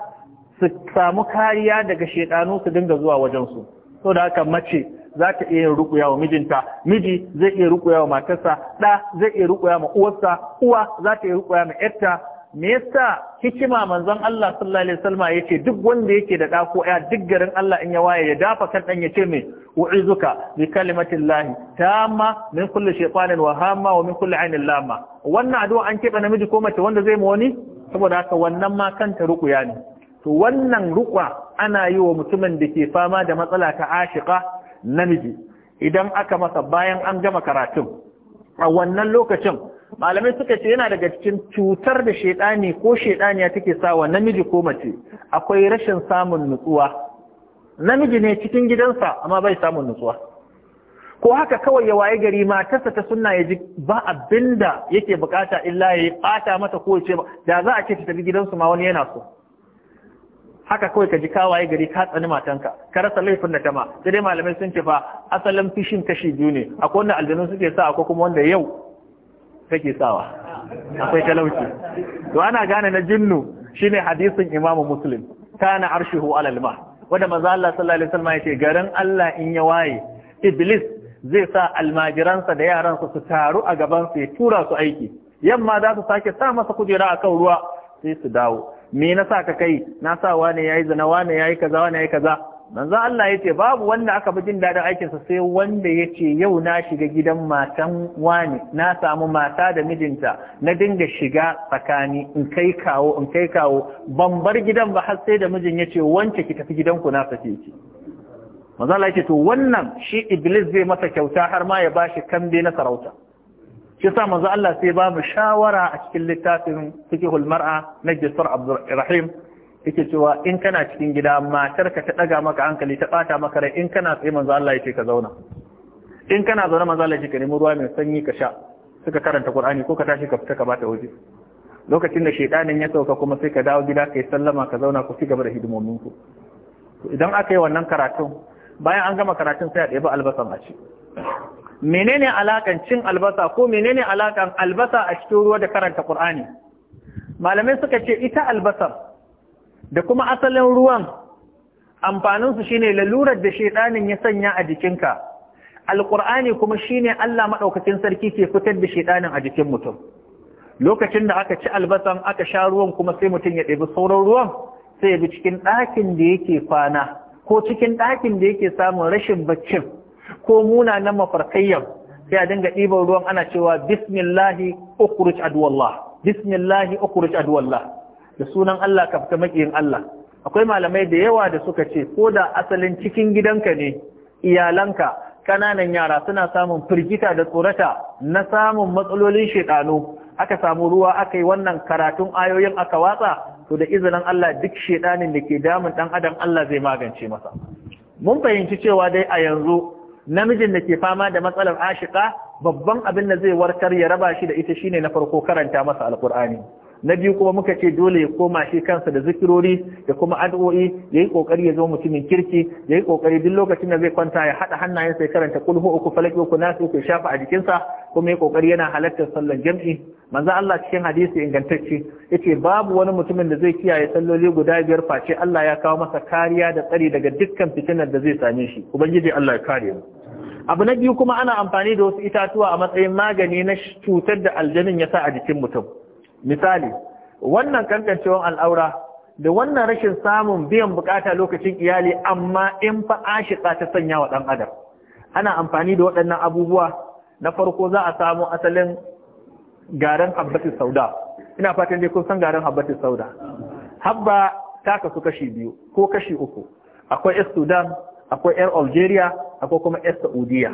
su samu kariya daga shekanu su dinga zuwa wajen su saboda haka mace za ta iya rukuya wa mijinta miji zai iya rukuya wa matarsa da zai iya rukuya ma uwarsa uwa za ta iya rukuya ma yarta me yasa hikima manzon Allah sallallahu alaihi wasallam yace duk wanda yake da dako aya ya duk garin Allah in ya waye ya dafa kan dan yace me u'izuka bi kalimatillahi tamma min kulli shaytanin wa hamma wa min kulli ainin lama wannan addu'a an keɓe namiji ko mace wanda zai mu wani saboda haka wannan ma kanta ruqya ne to wannan rukwa ana yi wa mutumin da ke fama da matsala ta ashiqa namiji idan aka masa bayan an gama karatun a wannan lokacin malamai suka ce yana daga cikin cutar da shaidani ko shaidaniya take sawa namiji ko mace akwai rashin samun nutsuwa namiji ne cikin gidansa amma bai samun nutsuwa ko haka kawai ya waye gari matarsa ta sunna ya ji ba abinda yake bukata illa ya bata mata ko ce da za a ce ta tafi gidansu ma wani yana so haka kawai ka ji ka waye gari ka tsani matanka ka rasa laifin da ta ma sai dai malamai sun ce fa asalin fishin kashi biyu ne akwai wanda aljanu suke sa akwai kuma wanda yau Kake sawa akwai talauci to ana gane na jinnu shine hadisin Imam Muslim kana arshuhu alal ma wanda manzo Allah sallallahu alaihi wasallam yace garin Allah in ya waye iblis zai sa almajiransa da yaransa su taru a gaban su ya tura su aiki yamma za su sake sa masa kujera akan ruwa sai su dawo me na sa ka kai na sa wane yayi zina wane yayi kaza wane yayi kaza manzo Allah yace babu wanda aka bi jin dadin aikin sa sai wanda yace yau na shiga gidan matan wani na samu mata da mijinta na dinga shiga tsakani in kai kawo in kai kawo ban bar gidan ba har sai da mijin yace wance ki tafi gidanku na tafi ki manzo Allah yace to wannan shi iblis zai masa kyauta har ma ya bashi kambe na sarauta shi sa manzo Allah sai ba mu shawara a cikin littafin fiqhul mar'a na Jisar yake cewa in kana cikin gida matarka ta daga maka hankali ta bata maka rai in kana tsaye manzo Allah yake ka zauna in kana zaune manzo Allah yake ka nemi ruwa mai sanyi ka sha suka karanta Qur'ani ko ka tashi ka fita ka bata waje lokacin da shedanin ya sauka kuma sai ka dawo gida kai sallama ka zauna ku ci gaba da hidimomin ku idan aka yi wannan karatun bayan an gama karatun sai a ɗebi albasan a ci menene alakan cin albasa ko menene alakan albasa a cikin ruwa da karanta Qur'ani malamai suka ce ita albasar da kuma asalin ruwan amfaninsu shine lalurar da shaidanin ya sanya a jikinka alkur'ani kuma shine Allah maɗaukacin sarki ke fitar da shaidanin a jikin mutum lokacin da aka ci albasan aka sha ruwan kuma sai mutum ya ɗebi sauran ruwan sai ya bi cikin ɗakin da yake kwana ko cikin ɗakin da yake samun rashin baccin ko muna nan mafarkayyan sai a dinga ɗiban ruwan ana cewa bismillahi ukhruj adwallah bismillahi ukhruj adwallah da sunan Allah ka fita makiyin Allah akwai malamai da yawa da suka ce ko da asalin cikin gidanka ne iyalanka kananan yara suna samun firgita da tsorata na samun matsalolin shekanu aka samu ruwa aka yi wannan karatun ayoyin aka watsa to da izinin Allah duk shedanin da ke damun dan adam Allah zai magance masa mun fahimci cewa dai a yanzu namijin da ke fama da matsalar ashika babban abin da zai warkar ya raba shi da ita shine na farko karanta masa alkur'ani na biyu kuma muka ce dole ya koma shi kansa da zikirori da kuma addu'o'i yayi kokari ya zo mutumin kirki yayi kokari duk lokacin da zai kwanta ya hada hannayensa ya karanta kulhu uku falaki uku nasu uku shafa a jikinsa kuma yayi kokari yana halartar sallan jam'i manzo Allah cikin hadisi ingantacce yace babu wani mutumin da zai kiyaye salloli guda biyar face Allah ya kawo masa kariya da tsari daga dukkan fitinar da zai same shi ubangiji Allah ya kare mu abu na biyu kuma ana amfani da wasu itatuwa a matsayin magani na cutar da aljanin ya sa a jikin mutum misali wannan kankancewan al'aura da wannan rashin samun biyan bukata lokacin iyali amma in fa ashika ta sanya wa dan adam ana amfani da waɗannan abubuwa na farko za a samu asalin garan habbati sauda ina fatan dai kun san garin habbati sauda habba ta kasu kashi biyu ko kashi uku akwai yar sudan akwai yar algeria akwai kuma yar saudiya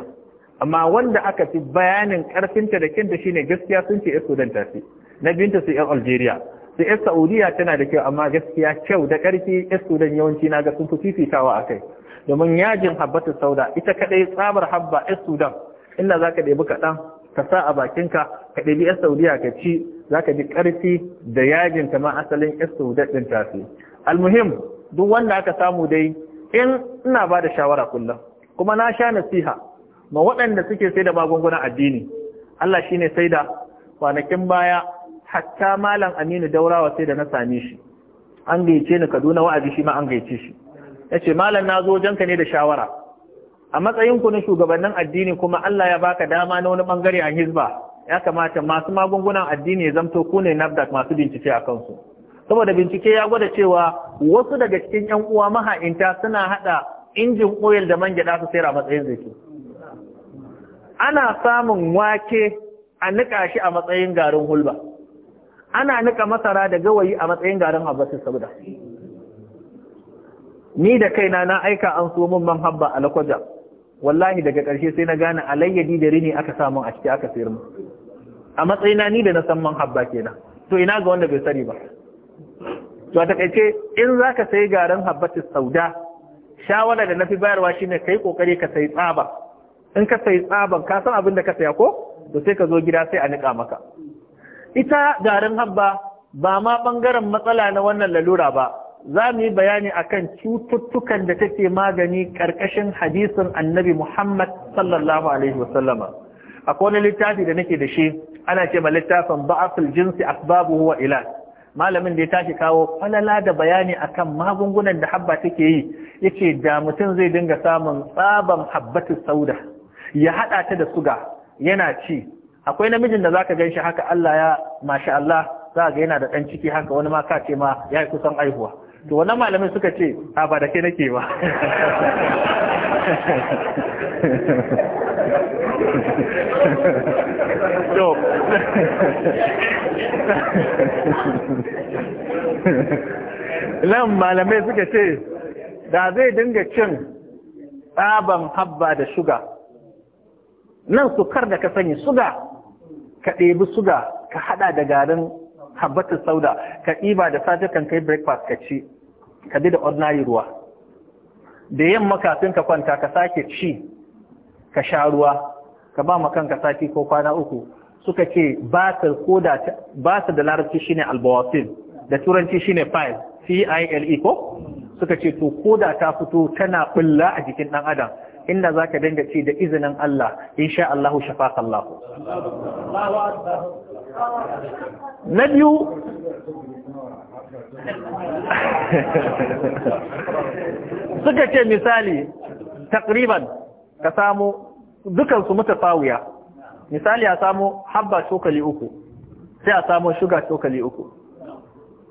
amma wanda aka fi bayanin karfinta da kinta shine gaskiya sun ce yar sudan ta fi na binta su yan algeria su yan saudiya tana da kyau amma gaskiya kyau da ƙarfi yan sudan yawanci na ga sun fi fifitawa a kai domin yajin habbatu sauda ita kaɗai tsabar habba yan sudan inda za ka ɗebi kaɗan ka sa a bakinka ka ɗebi yan saudiya ka ci za ka ji ƙarfi da yajin ta ma asalin yan sudan ɗin tafi almuhim duk wanda aka samu dai in ina ba da shawara kullum kuma na sha nasiha ma waɗanda suke sai da magungunan addini Allah shi ne sai da kwanakin baya hatta malam aminu daurawa sai da na same shi an gaice ni kaduna wa'azi shi ma an gaice shi Yace ce malam na zo ka ne da shawara a matsayinku na shugabannin addini kuma Allah ya baka dama na wani bangare a hizba ya kamata masu magungunan addini ya zamto ku ne nafdak masu bincike a kansu saboda bincike ya gwada cewa wasu daga cikin yan uwa maha'inta suna hada injin oil da man gyada su sayar a matsayin zaki ana samun wake a nika shi a matsayin garin hulba ana nika masara da gawayi a matsayin garin habbatin sauda ni da kaina na aika an so min man habba alakwaja wallahi daga ƙarshe sai na gane alayyadi da rini aka samu a ciki aka sayar mu a matsayina ni da na san man habba kenan to ina ga wanda bai sani ba to ta takaice in zaka ka sayi garin habbatin sauda shawara da na fi bayarwa shine kai kokari ka sayi tsaba in ka sayi tsaban ka san abin da ka saya ko to sai ka zo gida sai a nika maka ita garin habba ba ma ɓangaren matsala na wannan lalura ba za mu yi bayani akan cututtukan da take magani ƙarƙashin hadisin annabi muhammad sallallahu alaihi wasallama akwai wani littafi da nake da shi ana ce ma littafin ba'asul jinsi asbabu huwa ila malamin da ya tashi kawo falala da bayani akan magungunan da habba take yi yace da mutum zai dinga samun tsaban habbatu sauda ya haɗa ta da suga yana ci akwai namijin da zaka gan shi haka Allah ya mashi Allah za ga yana da ɗan ciki haka wani ma kace ma ya yi kusan aihuwa to wannan malamin suka ce a ba da ke nake ba [LAUGHS] to [LAUGHS] nan malamai suka ce da zai dinga cin tsaban habba da shuga nan sukar da ka sani suga ka ɗebi suga ka haɗa da garin habbatin sauda ka ɗiba da safe kan kai breakfast ka ci ka bi da ordinary ruwa da yamma kafin ka kwanta ka sake ci ka sha ruwa ka ba ma kanka sati ko kwana uku suka ce ba su da larabci shine albawafin da turanci shine file C I L E ko suka ce to koda ta fito tana bulla a jikin ɗan adam inda za ka dinga ce da izinin Allah sha Allah shafaka Allah na biyu [LAUGHS] suka ce misali takriban ka samu dukansu mutafawiya misali a samu habba cokali uku sai a samu shuga cokali uku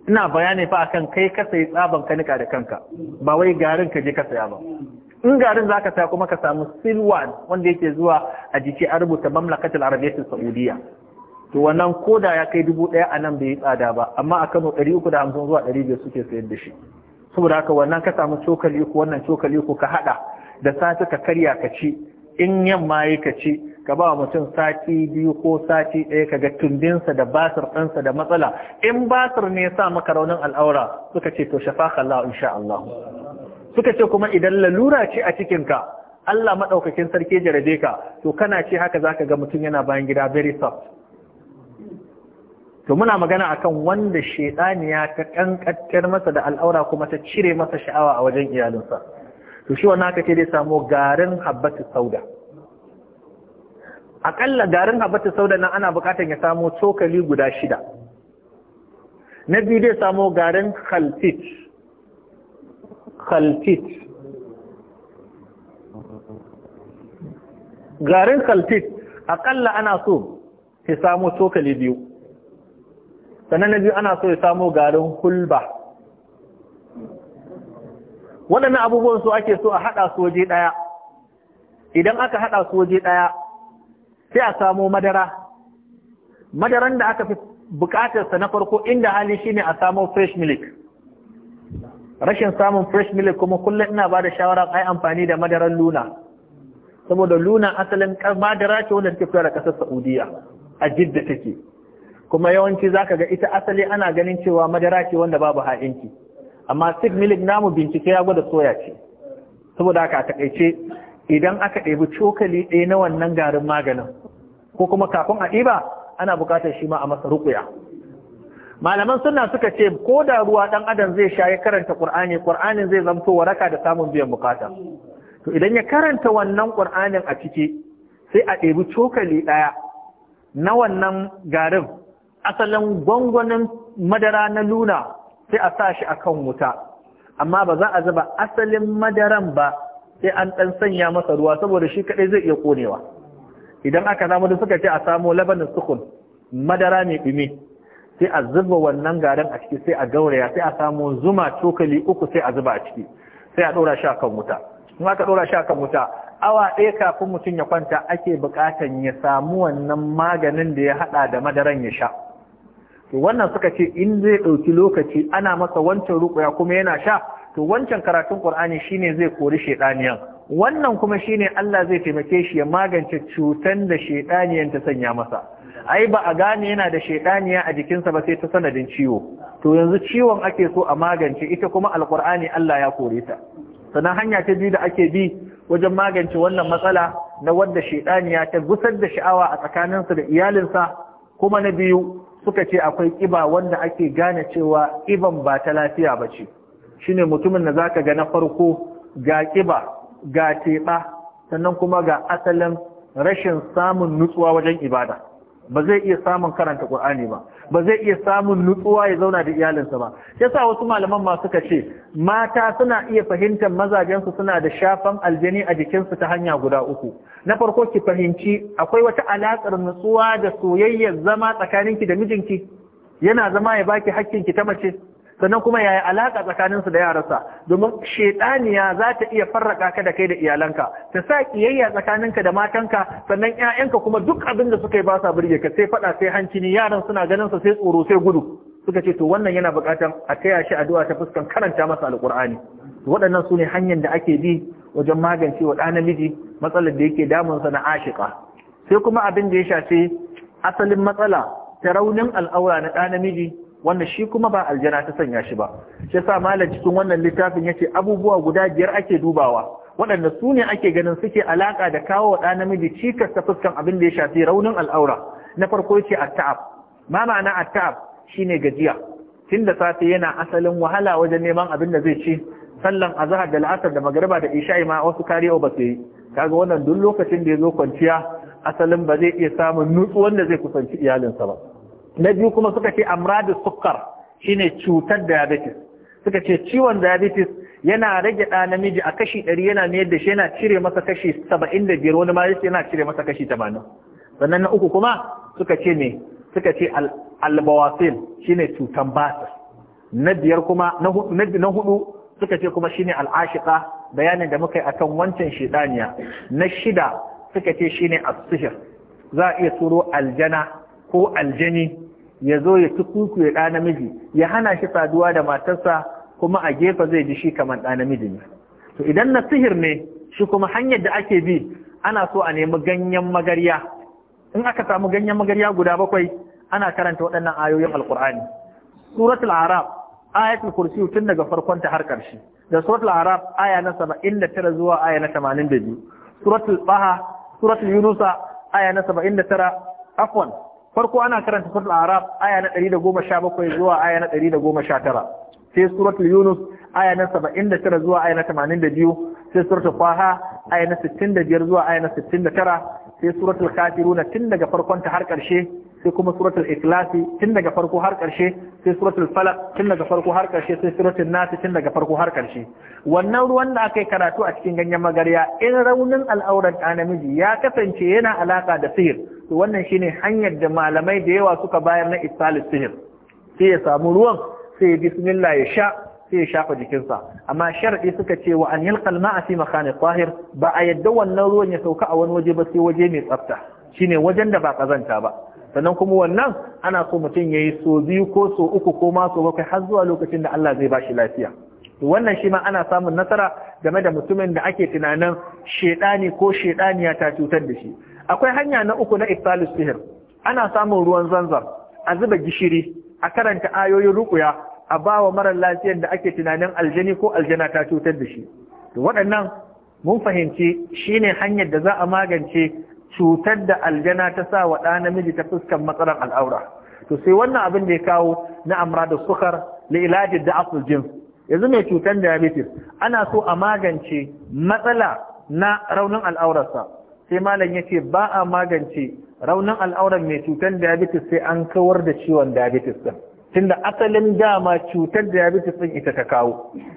ina bayani fa kan kai ka sayi tsaban kanika da kanka ba wai garin ka je ka saya ba in garin ka sa kuma ka samu silwan wanda yake zuwa a jiki a rubuta mamlakatul arabiyyatul saudiya to wannan koda ya kai dubu ɗaya a nan bai yi tsada ba amma a Kano ɗari uku da hamsin zuwa ɗari biyar suke sayar da shi saboda haka wannan ka samu cokali ko wannan cokali ko ka haɗa da safe ka karya ka ci in yamma yi ka ci ka ba mutum sati biyu ko sati ɗaya ka ga tundinsa da basir ɗansa da matsala in basir ne ya sa maka raunin al'aura suka ce to shafa in insha Allah suka ce kuma idan lalura ce a cikinka Allah maɗaukakin sarki jarabe ka to kana ce haka za ka ga mutum yana bayan gida very soft to muna magana akan wanda shedaniya ta kankantar masa da al'aura kuma ta cire masa sha'awa a wajen iyalinsa to shi wannan ce dai samu garin habbatu sauda akalla garin habbatu sauda nan ana bukatar ya samu cokali guda shida na biyu dai samu garin khalfit kaltit garin kaltit akalla ana so ya samu cokali biyu sannan na biyu ana so ya samu garin hulba waɗannan abubuwan su ake so a haɗa su waje ɗaya idan aka haɗa su waje ɗaya sai a samu madara madaran da aka fi bukatarsa na farko inda hali shine a samu fresh milk rashin samun fresh milk kuma kullum ina ba da shawara ai amfani da madarar luna saboda luna asalin madara ce wanda take fita da kasar saudiya a jidda take kuma yawanci zaka ga ita asali ana ganin cewa madara ce wanda babu ha'inci amma sick milk namu bincike ya gwada soya ce saboda haka a idan aka ɗebi cokali ɗaya na wannan garin maganin ko kuma kafin a ɗiba ana buƙatar shi ma a masa ruƙuya malaman suna suka ce ko da ruwa dan adam zai sha ya karanta qur'ani qur'anin zai zamto waraka da samun biyan bukata to idan ya karanta wannan qur'anin a ciki sai a ɗebi cokali ɗaya na wannan garin asalin gwangwanin madara na luna sai a sa shi akan wuta amma ba za a zuba asalin madaran ba sai an ɗan sanya masa ruwa saboda shi kaɗai zai iya ƙonewa idan aka zama da suka ce a samo labanin sukun madara mai ɗumi sai a zuba wannan garin a ciki sai a gauraya sai a samu zuma cokali uku sai a zuba a ciki sai a ɗora shi akan wuta in aka ɗora shi akan wuta awa ɗaya kafin mutum ya kwanta ake buƙatan ya samu wannan maganin da ya haɗa da madaran ya sha to wannan suka ce in zai ɗauki lokaci ana masa wancan ruƙuya kuma yana sha to wancan karatun ƙur'ani shine zai kori shaɗaniyan wannan kuma shine Allah zai taimake shi ya magance cutan da shedaniyan ta sanya masa ai ba a gane yana da shedaniya a jikinsa ba sai ta sanadin ciwo to yanzu ciwon ake so a magance ita kuma alqur'ani Allah ya kore ta sannan hanya ta biyu da ake bi wajen magance wannan matsala na wanda shedaniya ta gusar da sha'awa a tsakaninsa da iyalinsa kuma na biyu suka ce akwai ƙiba wanda ake gane cewa ƙiban ba ta lafiya ba ce shine mutumin da zaka ga na farko ga ƙiba. ga teɓa sannan kuma ga asalin rashin samun nutsuwa wajen ibada ba zai iya samun karanta ƙur'ani ba ba zai iya samun nutsuwa ya zauna da iyalinsa ba yasa wasu malaman masu suka ce mata suna iya fahimtar mazajensu suna da shafan aljani a jikinsu ta hanya guda uku na farko ki fahimci akwai wata alaƙar nutsuwa da soyayyar zama tsakaninki da mijinki yana zama ya baki hakkinki ta mace sannan kuma yaya alaka tsakaninsu da yaransa domin shedaniya za ta iya farraka ka da kai da iyalanka ta sa kiyayya tsakaninka da matanka sannan ƴaƴanka kuma duk abin da suka yi ba sa burge ka sai faɗa sai hanci ne yaran suna ganin sa sai tsoro sai gudu suka ce to wannan yana buƙatar a taya shi addu'a ta fuskan karanta masa alƙur'ani waɗannan sune hanyar da ake bi wajen magance wa ɗa namiji matsalar da yake damun damunsa na ashiƙa sai kuma abin da ya shafi asalin matsala ta raunin al'aura na ɗa namiji wanda shi kuma ba aljana ta sanya shi ba shi yasa malam cikin wannan littafin yace abubuwa guda biyar ake dubawa waɗanda su ne ake ganin suke alaka da kawo wa ɗa namiji cikas ta fuskan abin da ya shafi raunin al'aura na farko yace at-ta'ab ma ma'ana at-ta'ab shine gajiya tun da safe yana asalin wahala wajen neman abin da zai ci sallan azhar da la'asar da magriba da isha'i ma wasu kariya ba su kaga wannan duk lokacin da ya zo kwanciya asalin ba zai iya samun nutsuwan da zai kusanci iyalinsa ba na biyu kuma suka ce amradu sukkar shine cutar diabetes suka ce ciwon diabetes yana rage ɗa namiji a kashi ɗari yana ne da shi yana cire masa kashi saba'in da biyar wani ma yana cire masa kashi tamanin sannan na uku kuma suka ce ne suka ce albawasil shine cutan basir na biyar kuma na hudu suka ce kuma shine al'ashika bayanin da muka yi akan wancan shidaniya na shida suka ce shine as-sihr za a iya turo aljana ko aljani ya zo ya ci kuku ya ɗa namiji ya hana shi saduwa da matarsa kuma a gefe zai ji shi kamar ɗa namiji ne to idan na sihir ne shi kuma hanyar da ake bi ana so a nemi ganyen magarya in aka samu ganyen magarya guda bakwai ana karanta waɗannan ayoyin alkur'ani suratul arab ayatul kursi tun daga farkon ta har ƙarshe da suratul arab aya na saba'in da tara zuwa aya na tamanin da biyu. suratul baha suratul yunusa aya na saba'in da tara afwan farko ana karanta suratul araf aya na 117 zuwa aya na 119 sai suratul yunus aya na 79 zuwa aya na 82 sai suratul faha aya na 65 zuwa aya na 69 sai suratul kafiruna tun daga farkon ta har karshe sai kuma suratul ikhlasi tun daga farko har karshe sai suratul falaq tun daga farko har karshe sai suratul nas tun daga farko har karshe wannan ruwan da aka yi karatu a cikin ganyen magarya in raunin al'auran ɗa namiji ya kasance yana alaka da sihir to wannan shine hanyar da malamai da yawa suka bayar na isalis sihir sai ya samu ruwan sai ya bismillah ya sha sai ya shafa jikinsa amma shar'i suka ce wa an yalqal ma'a fi makani tahir ba a yadda wannan ruwan ya sauka a wani waje ba sai waje mai tsafta shine wajen da ba kazanta ba sannan kuma wannan ana so mutum yayi so biyu ko so uku ko ma so bakwai har zuwa lokacin da Allah zai bashi lafiya to wannan shi ma ana samun nasara game da mutumin da ake tunanin shedani ko shedaniya ta cutar da shi akwai hanya na uku na iftalus sihir ana samun ruwan zanzar a zuba gishiri a karanta ayoyin rukuya a ba wa marar lafiyar da ake tunanin aljani ko aljana ta cutar da shi to waɗannan mun fahimci shine hanyar da za a magance cutar da aljana ta sa wa ɗa namiji ta fuskan matsalar al'aura to sai wannan abin da ya kawo na amra da sukar da ilajin da asul jins yanzu mai cutar diabetes ana so a magance matsala na raunin al'aurarsa sai malam ya ce ba a magance raunin al'auran mai cutar diabetes sai an kawar da ciwon diabetes ɗin tunda asalin dama cutar diabetes ɗin ita ta kawo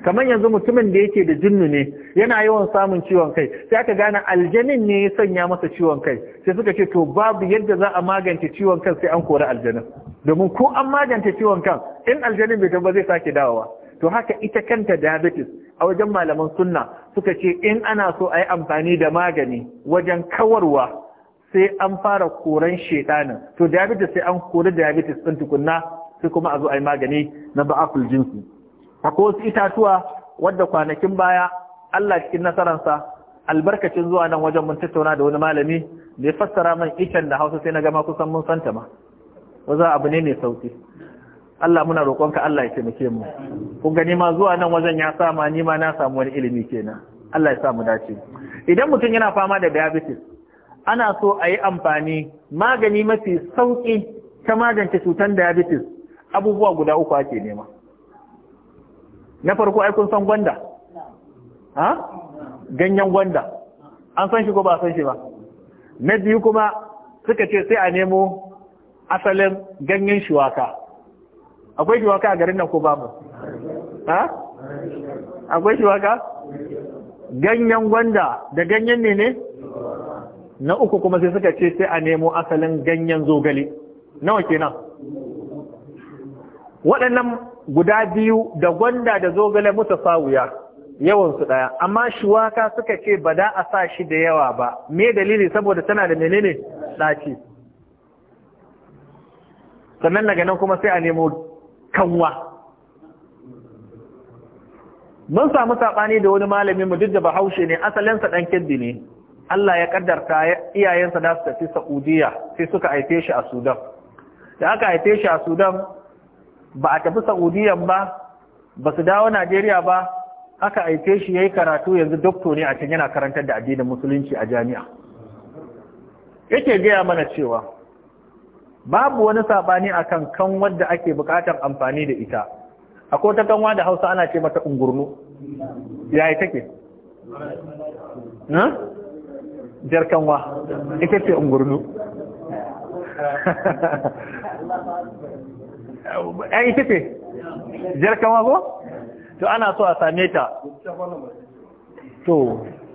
kamar yanzu mutumin da yake da jinnu ne yana yawan samun ciwon kai sai aka gane aljanin ne ya sanya masa ciwon kai sai suka ce to babu yadda za a magance ciwon kan sai an kori aljanin domin ko an magance ciwon kan in aljanin bai ba zai sake dawowa to haka ita kanta diabetes a wajen malaman sunna suka ce in ana so a yi amfani da magani wajen kawarwa sai an fara koran shaidanin to diabetes sai an kori diabetes ɗin tukunna sai kuma a zo a yi magani na ba'aful A akwai wasu itatuwa wadda kwanakin baya Allah cikin nasararsa albarkacin zuwa nan wajen mun tattauna da wani malami da ya fassara man icen da hausa sai na gama kusan mun santa ma waza abu ne mai sauki Allah muna roƙonka Allah ya taimake mu kun gani ma zuwa nan wajen ya sama ni ma na samu wani ilimi kenan Allah ya sa mu dace idan mutum yana fama da diabetes ana so a yi amfani magani mafi sauƙi ta magance cutar diabetes abubuwa guda uku ake nema na farko ai kun san gwanda ha ganyen gwanda an san shi ko ba san shi ba na biyu kuma suka ce sai a nemo asalin ganyen shuwaka akwai shiwaka a garin nan ko babu ha akwai shiwaka ganyen gwanda da ganyen ne ne na uku kuma sai suka ce sai a nemo asalin ganyen zogale nawa kenan waɗannan guda biyu da gwanda da zogale yawan yawansu ɗaya amma shuwaka suka ce ba da a sa shi da yawa ba me dalili saboda tana da menene ɗaci sannan daga nan kuma sai a nemo kanwa mun samu saɓani da wani malami mu duk da bahaushe ne asalinsa ɗan kiddi ne Allah ya ƙaddarta iyayensa da su tafi Saudiya sai suka haife shi a Sudan da aka haife shi a Sudan ba a tafi Sa'udiyyan ba ba su dawo Najeriya ba aka haife shi yayi karatu yanzu doctor ne a can yana karantar da addinin musulunci a jami'a yake gaya mana cewa babu wani sabani akan kan wadda ake bukatar amfani da ita akwai ta kanwa da Hausa ana ce mata ungurnu yayi take na hmm? jar kanwa ita ce ungurnu [LAUGHS] ai ita ce jar kanwa ko to ana so a same ta to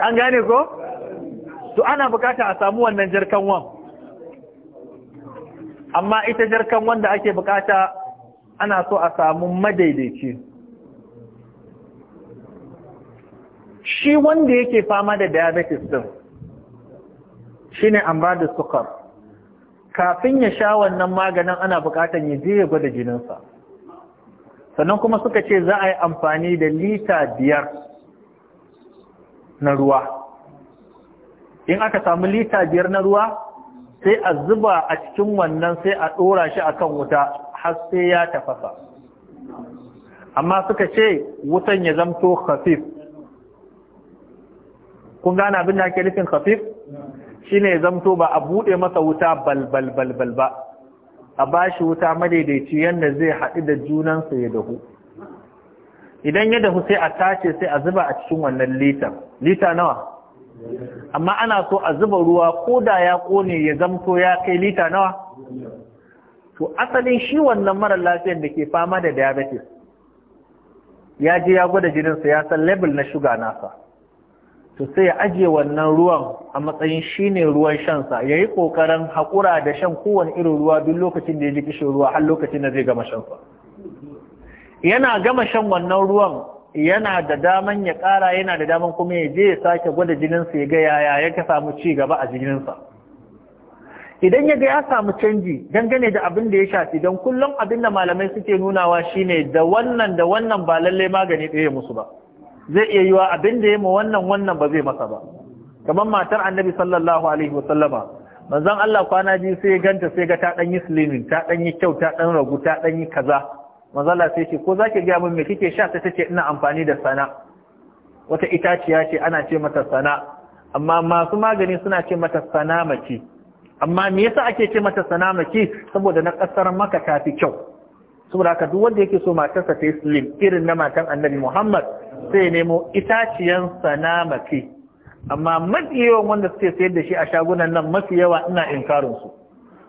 an gane ko to ana bukata a samu wannan jarkan wan amma ita jarkan wanda ake bukata ana so a samu madaidaici shi wanda yake fama da diabetes din ba da sukar kafin ya sha wannan maganin ana bukatan ya je ya gwada jininsa sannan kuma suka ce za a yi amfani da lita biyar na ruwa in aka samu lita biyar na ruwa sai a zuba a cikin wannan sai a ɗora shi a kan wuta har sai ya tafasa amma suka ce wutan ya zamto hafif. kun gane abin da ake nufin Shi shine ya zamto ba a buɗe masa wuta balbalbalbal ba a ba shi wuta madaidaici yadda zai haɗu da junansa ya dahu idan ya dahu sai a tace sai a zuba a cikin wannan litan lita nawa amma ana so a zuba ruwa ko da ya kone ya zamto ya kai lita nawa to asalin shi wannan marar lafiyar da ke fama da diabetes ya je ya gwada jininsa ya san level na shuga nasa to sai ya ajiye wannan ruwan a matsayin shine ruwan shansa ya yi ƙoƙarin haƙura da shan kowane irin ruwa duk lokacin da ya ji kishin ruwa har lokacin da zai gama shansa yana gama shan wannan ruwan yana da daman ya ƙara yana da daman kuma ya je ya sake gwada jinin jininsa ya ga yaya ya ka samu ci gaba a jininsa idan ya ga ya samu canji dangane da abin da ya shafi don kullum abin da malamai suke nunawa shine da wannan da wannan ba lalle magani ɗaya musu ba zai iya yiwa abin da ya mu wannan wannan ba zai masa ba kamar matar annabi sallallahu alaihi wasallama manzon Allah kwana biyu sai ganta sai ga ta ɗan yi slimming ta ɗan yi kyau ta ɗan ragu ta ɗan yi kaza Mazala sai ce ko zaki gaya min me kike sha sai tace ina amfani da sana wata itaciya ce ana ce mata sana amma masu magani suna ce mata sana mace amma me yasa ake ce mata sana mace saboda na kasar maka tafi kyau saboda haka duk wanda yake so matarsa ta yi irin na matan annabi Muhammad sai nemo itaciyan sana mace amma mafi wanda suke sayar da shi a shagunan nan mafi yawa ina inkarin su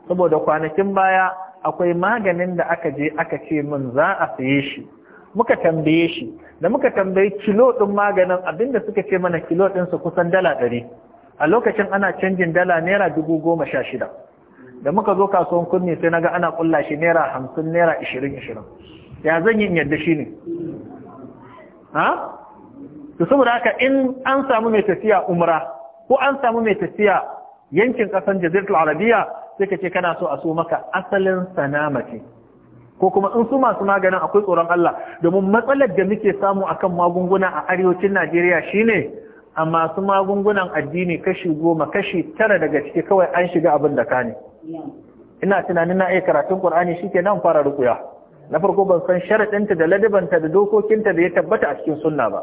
saboda kwanakin baya akwai maganin da aka je aka ce min za a saye shi muka tambaye shi da muka tambayi kilo din maganin abinda suka ce mana kilo su kusan dala ɗari a lokacin ana canjin dala naira dubu goma sha shida da muka zo kasuwan kunni sai naga ana kulla shi naira hamsin naira ishirin ishirin ya zan yi yadda shi ne ha to saboda haka in an samu mai tafiya umra ko an samu mai tafiya yankin ƙasar jazirtul arabiya sai ka ce kana so a so maka asalin sanama ce ko kuma in su masu maganin akwai tsoron Allah domin matsalar da muke samu akan magunguna a arewacin Najeriya shine a masu magungunan addini kashi goma kashi tara daga ciki kawai an shiga abin da ka ina tunanin na iya karatun Qur'ani shike nan fara rukuya na farko ban san sharadinta da ladabanta da dokokinta da ya tabbata a cikin sunna ba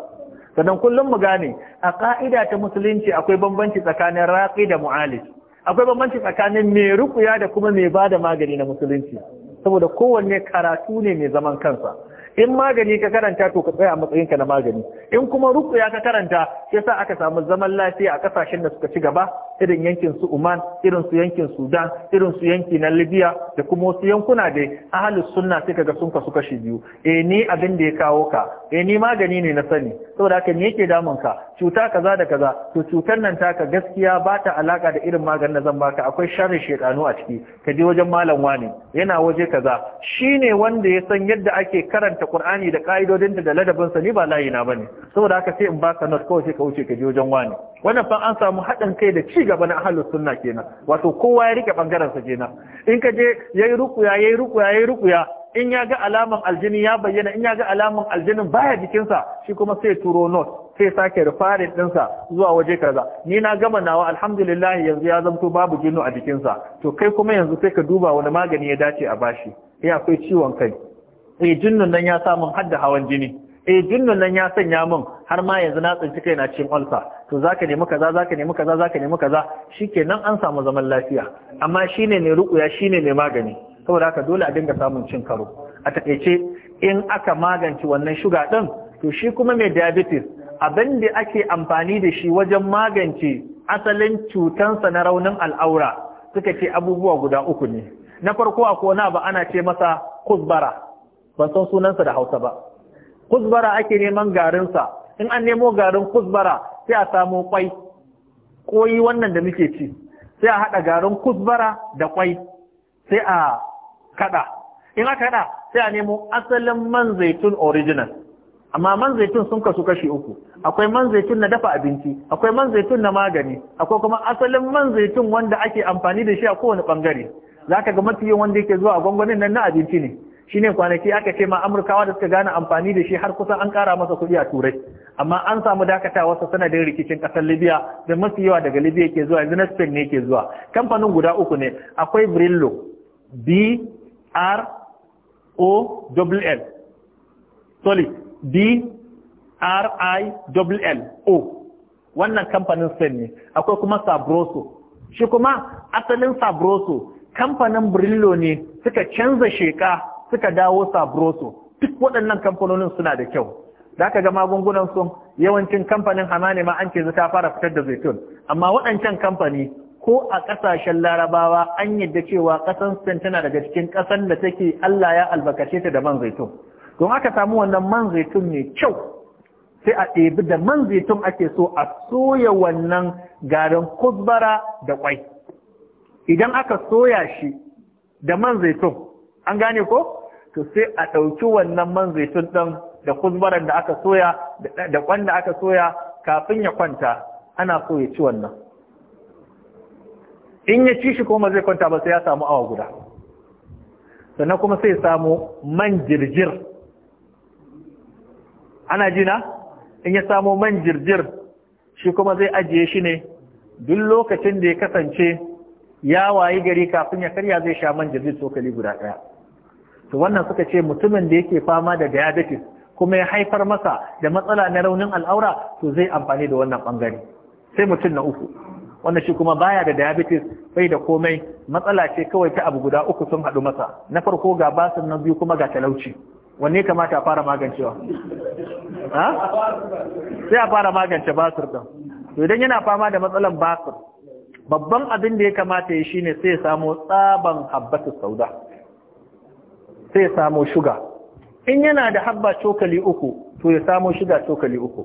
sannan kullum mu gane a ka'ida ta musulunci akwai bambanci tsakanin raqi da mu'alij akwai bambanci tsakanin mai rukuya da kuma mai ba da magani na musulunci saboda kowanne karatu ne mai zaman kansa in magani ka karanta to ka tsaya a matsayinka na magani in kuma rukuya ka karanta sa aka samu zaman lafiya a kasashen da suka ci gaba irin yankin su Oman irin su yankin Sudan irin su yanki na Libya da kuma wasu yankuna da ahli sunna suka ga sun kasu kashi biyu eh ni abin da ya kawo ka eh ni magani ne na sani saboda haka me yake damun ka cuta kaza da kaza to cutar nan taka gaskiya ba ta alaka da irin maganin da zan baka akwai sharri shedanu a ciki ka je wajen malam wani yana waje kaza shine wanda ya san yadda ake karanta da Qur'ani da ka'idodinta da ladabin sa ni ba layina bane saboda haka sai in baka not kawai sai ka wuce ka je wajen wani wannan fa an samu hadin kai da ci gaba na ahlus sunna kenan wato kowa ya rike bangaren sa kenan in ka je yayi rukuya yayi rukuya yayi rukuya in ya ga alaman aljini ya bayyana in ya ga alaman aljinin baya jikin sa shi kuma sai turo not sai sake rufarin sa zuwa waje kaza ni na gama nawa alhamdulillah yanzu ya zanto babu jinu a jikinsa to kai kuma yanzu sai ka duba wani magani ya dace a bashi ya eh, akwai ciwon kai eh jinnun nan ya sa mun hadda hawan jini eh jinnun nan ya sanya min har ma yanzu na tsinci kai na cikin ulcer to zaka nemi kaza zaka nemi kaza zaka nemi kaza shikenan an samu zaman lafiya amma shine ne ruƙuya shine ne magani saboda haka dole a dinga samun cin karo a takeice in aka magance wannan shuga din to shi kuma mai diabetes abin da ake amfani da shi wajen magance asalin cutansa na raunin al'aura suka ce abubuwa guda uku ne na farko a kona ba ana ce masa kuzbara ban san sunansa da hausa ba kuzbara ake neman garinsa in an nemo garin kuzbara sai a samo kwai koyi wannan da muke ci sai a haɗa garin kuzbara da kwai sai a kada in aka kada sai a nemo asalin man zaitun original amma man zaitun sun kasu kashi uku akwai man zaitun na dafa abinci akwai man zaitun na magani akwai kuma asalin man zaitun wanda ake amfani da shi a kowane ɓangare. Za ka ga mafi wanda yake zuwa a gwangwanin nan na abinci ne ne kwanaki aka ce ma amurkawa da suka gane amfani da shi har kusa an kara masa kuɗi a turai amma an samu dakatawa wasu sanadin rikicin ƙasar libya da masu yawa daga libya ke zuwa yanzu na spain ne ke zuwa kamfanin guda uku ne akwai brillo b r o l sorry b r i l o wannan kamfanin spain ne akwai kuma sabroso shi kuma asalin sabroso kamfanin brillo ne suka canza sheka suka dawo sabroso duk waɗannan kamfanonin suna da kyau da ka ga magungunan su yawancin kamfanin hamani ma an ce ta fara fitar da zaitun amma waɗancan kamfani ko a ƙasashen larabawa an yadda cewa ƙasan spain tana daga cikin ƙasan da take allah ya albarkace ta da man zaitun don aka samu wannan man zaitun ne kyau sai a ɗebi da man zaitun ake so a soya wannan garin kusbara da kwai idan aka soya shi da man zaitun an gane ko to sai a ɗauki wannan man zaitun ɗan da kuzbaran da aka soya da kwan da aka soya kafin ya kwanta ana so ya ci wannan in ya ci shi kuma zai kwanta ba sai ya samu awa guda sannan kuma sai ya samu man jirjir ana jina in ya samu man jirjir shi kuma zai ajiye shi ne duk lokacin da ya kasance ya wayi gari kafin ya karya zai sha man jirgin tsokali guda ɗaya to wannan suka ce mutumin da yake fama da diabetes kuma ya haifar masa da matsala na raunin al'aura to zai amfani da wannan bangare sai mutum na uku wannan shi kuma baya da diabetes bai da komai matsala ce kawai ta abu guda uku sun haɗu masa na farko ga basin na biyu kuma ga talauci wanne kamata a fara magancewa sai a fara magance basir din to idan yana fama da matsalan basir babban abin da ya kamata ya shine sai ya samu tsaban habbatu sauda sai ya samo shuga in yana da habba cokali uku to ya samo shuga cokali uku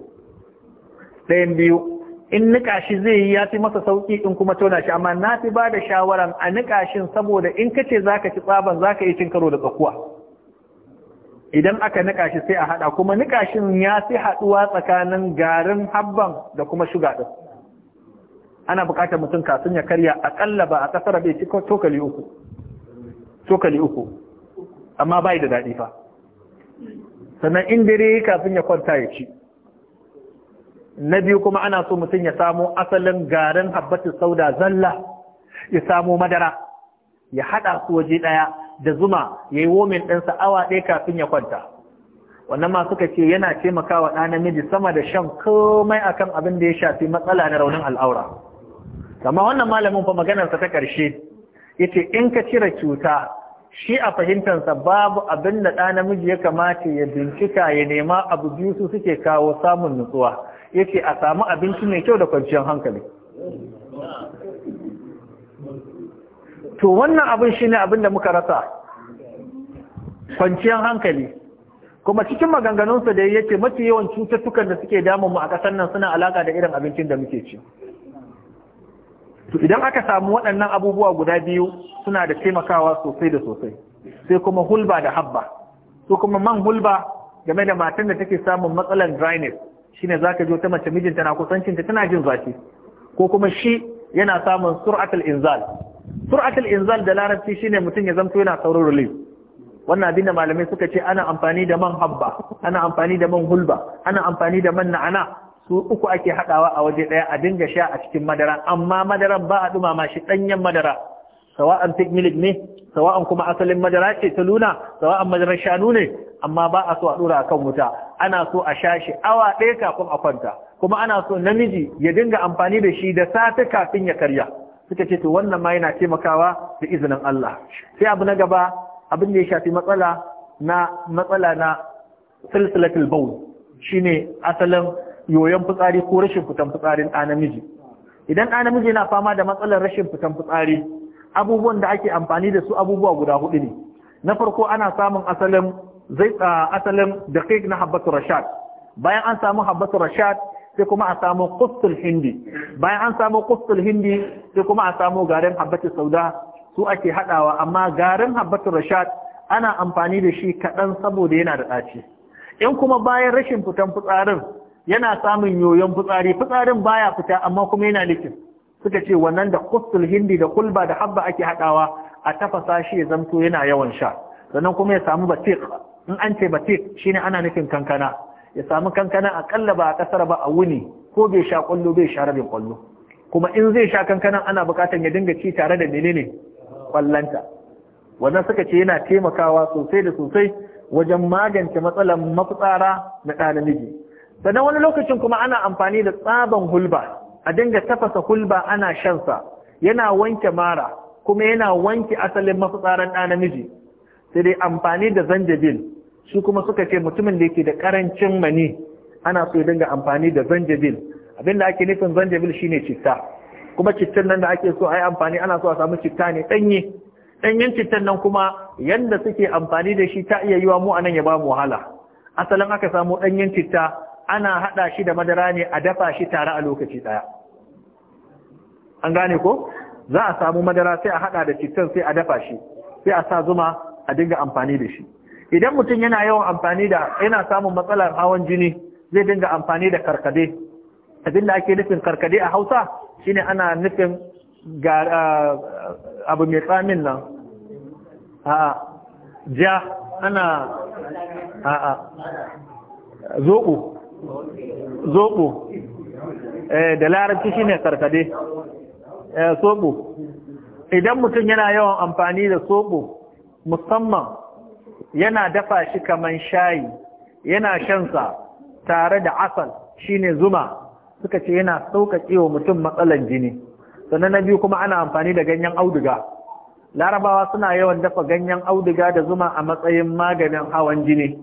ɗayan biyu in nika shi zai yi ya fi masa sauƙi in kuma tona shi amma na fi ba da shawaran a nika shin saboda in ka ce za ka ci tsaban za ka yi cin karo da tsakuwa idan aka nika shi sai a haɗa kuma nika shin ya fi haɗuwa tsakanin garin habban da kuma shuga ɗin ana buƙatar mutum kasun ya karya aƙalla ba a ƙasar bai ci tokali uku cokali uku amma bai da daɗi fa sannan in kafin ya kwanta ya ci na biyu kuma ana so mutum ya samu asalin garin habbatin sauda zalla ya samu madara ya haɗa su waje ɗaya da zuma ya yi womin ɗinsa awa ɗaya kafin ya kwanta wannan ma suka ce yana taimakawa ɗa namiji sama da shan komai akan abin da ya shafi matsala na raunin al'aura amma wannan malamin fa maganarsa ta ƙarshe ya ce in ka cire cuta shi a fahimtansa babu abin da ɗa namiji ya kamata ya bincika ya nema abu biyu su suke kawo samun nutsuwa yake a samu abinci mai kyau da kwanciyar hankali to wannan abin ne abin da muka rasa kwanciyar hankali kuma cikin maganganunsa da yake mafi yawan cututtukan da suke damun mu a ƙasar nan suna alaƙa da irin abincin da muke ci to idan aka samu waɗannan abubuwa guda biyu suna da taimakawa sosai da sosai sai kuma hulba da habba so kuma man hulba game da matan da take samun matsalan dryness shine zaka ji ta mace mijinta na kusancinta tana jin zafi ko kuma shi yana samun sur'atul inzal sur'atul inzal da larabci shine mutum ya zamto yana saurin relief wannan abin da malamai suka ce ana amfani da man habba ana amfani da man hulba ana amfani da man na'ana su uku ake haɗawa a waje ɗaya a dinga sha a cikin madara amma madaran ba a ɗumama shi ɗanyen madara sawa'an pig milk ne sawa'an kuma asalin madara ce ta luna sawa'an madarar shanu ne amma ba a so a ɗora kan wuta ana so a sha shi awa ɗaya kafin a kwanta kuma ana so namiji ya dinga amfani da shi da safe kafin ya karya suka ce to wannan ma yana taimakawa da izinin Allah sai abu na gaba abin da ya shafi matsala na matsala na silsilatul bawl shine asalin yoyon fitsari ko rashin fitan fitsarin ɗa namiji idan ɗa namiji yana fama da matsalar rashin fitan fitsari abubuwan da ake amfani da su abubuwa guda hudu ne na farko ana samun asalin zai asalin kai na habbatu rashad bayan an samu habbatu rashad sai kuma a samu Kustul hindi bayan an samu Kustul hindi sai kuma a samu garin habbatu sauda su ake haɗawa, amma garin habbatu rashad ana amfani da shi kaɗan saboda yana da ɗaci in kuma bayan rashin fitan fitsarin yana samun yoyon fitsari fitsarin baya fita amma kuma yana likin suka ce wannan da kustul hindi da kulba da habba ake haɗawa a tafasa shi ya zamto yana yawan sha sannan kuma ya samu batik in an ce batik shine ana nufin kankana ya samu kankana a akalla ba a kasar ba a wuni ko bai sha kullu bai sha rabin kullu kuma in zai sha kankana ana bukatar ya dinga ci tare da menene kwallanta wannan suka ce yana taimakawa sosai da sosai wajen magance matsalar mafitsara na ɗa namiji sannan wani lokacin kuma ana amfani da tsaban hulba a dinga tafasa hulba ana shansa yana wanke mara kuma yana wanke asalin mafitsaran ɗa namiji sai dai amfani da zanjabil su kuma suka ce mutumin da yake da ƙarancin mani ana so ya dinga amfani da zanjabil da ake nufin zanjabil shine citta kuma cittan nan da ake so a yi amfani ana so a samu citta ne ɗanye ɗanyen cittan nan kuma yadda suke amfani da shi ta iya yiwa mu anan ya ba mu wahala asalin aka samu ɗanyen citta ana haɗa shi da madara ne a dafa shi tare a lokaci ɗaya an gane ko za a samu madara sai a haɗa da cittan sai a dafa shi sai a sa zuma a dinga amfani da shi idan mutum yana yawan amfani da yana samun matsalar hawan jini zai dinga amfani da karkade abin da ake nufin karkade a hausa shine ana nufin abu mai tsamin nan a ja ana a zoɓo zobo eh, da larabci shine karkade sobo eh, idan mutum yana yawan amfani da sobo musamman yana dafa shi kaman shayi yana shansa tare da asal shine zuma suka ce yana sauƙaƙe wa mutum matsalan jini sannan na biyu kuma ana amfani da ganyen auduga larabawa suna yawan dafa ganyen auduga da zuma a matsayin maganin hawan jini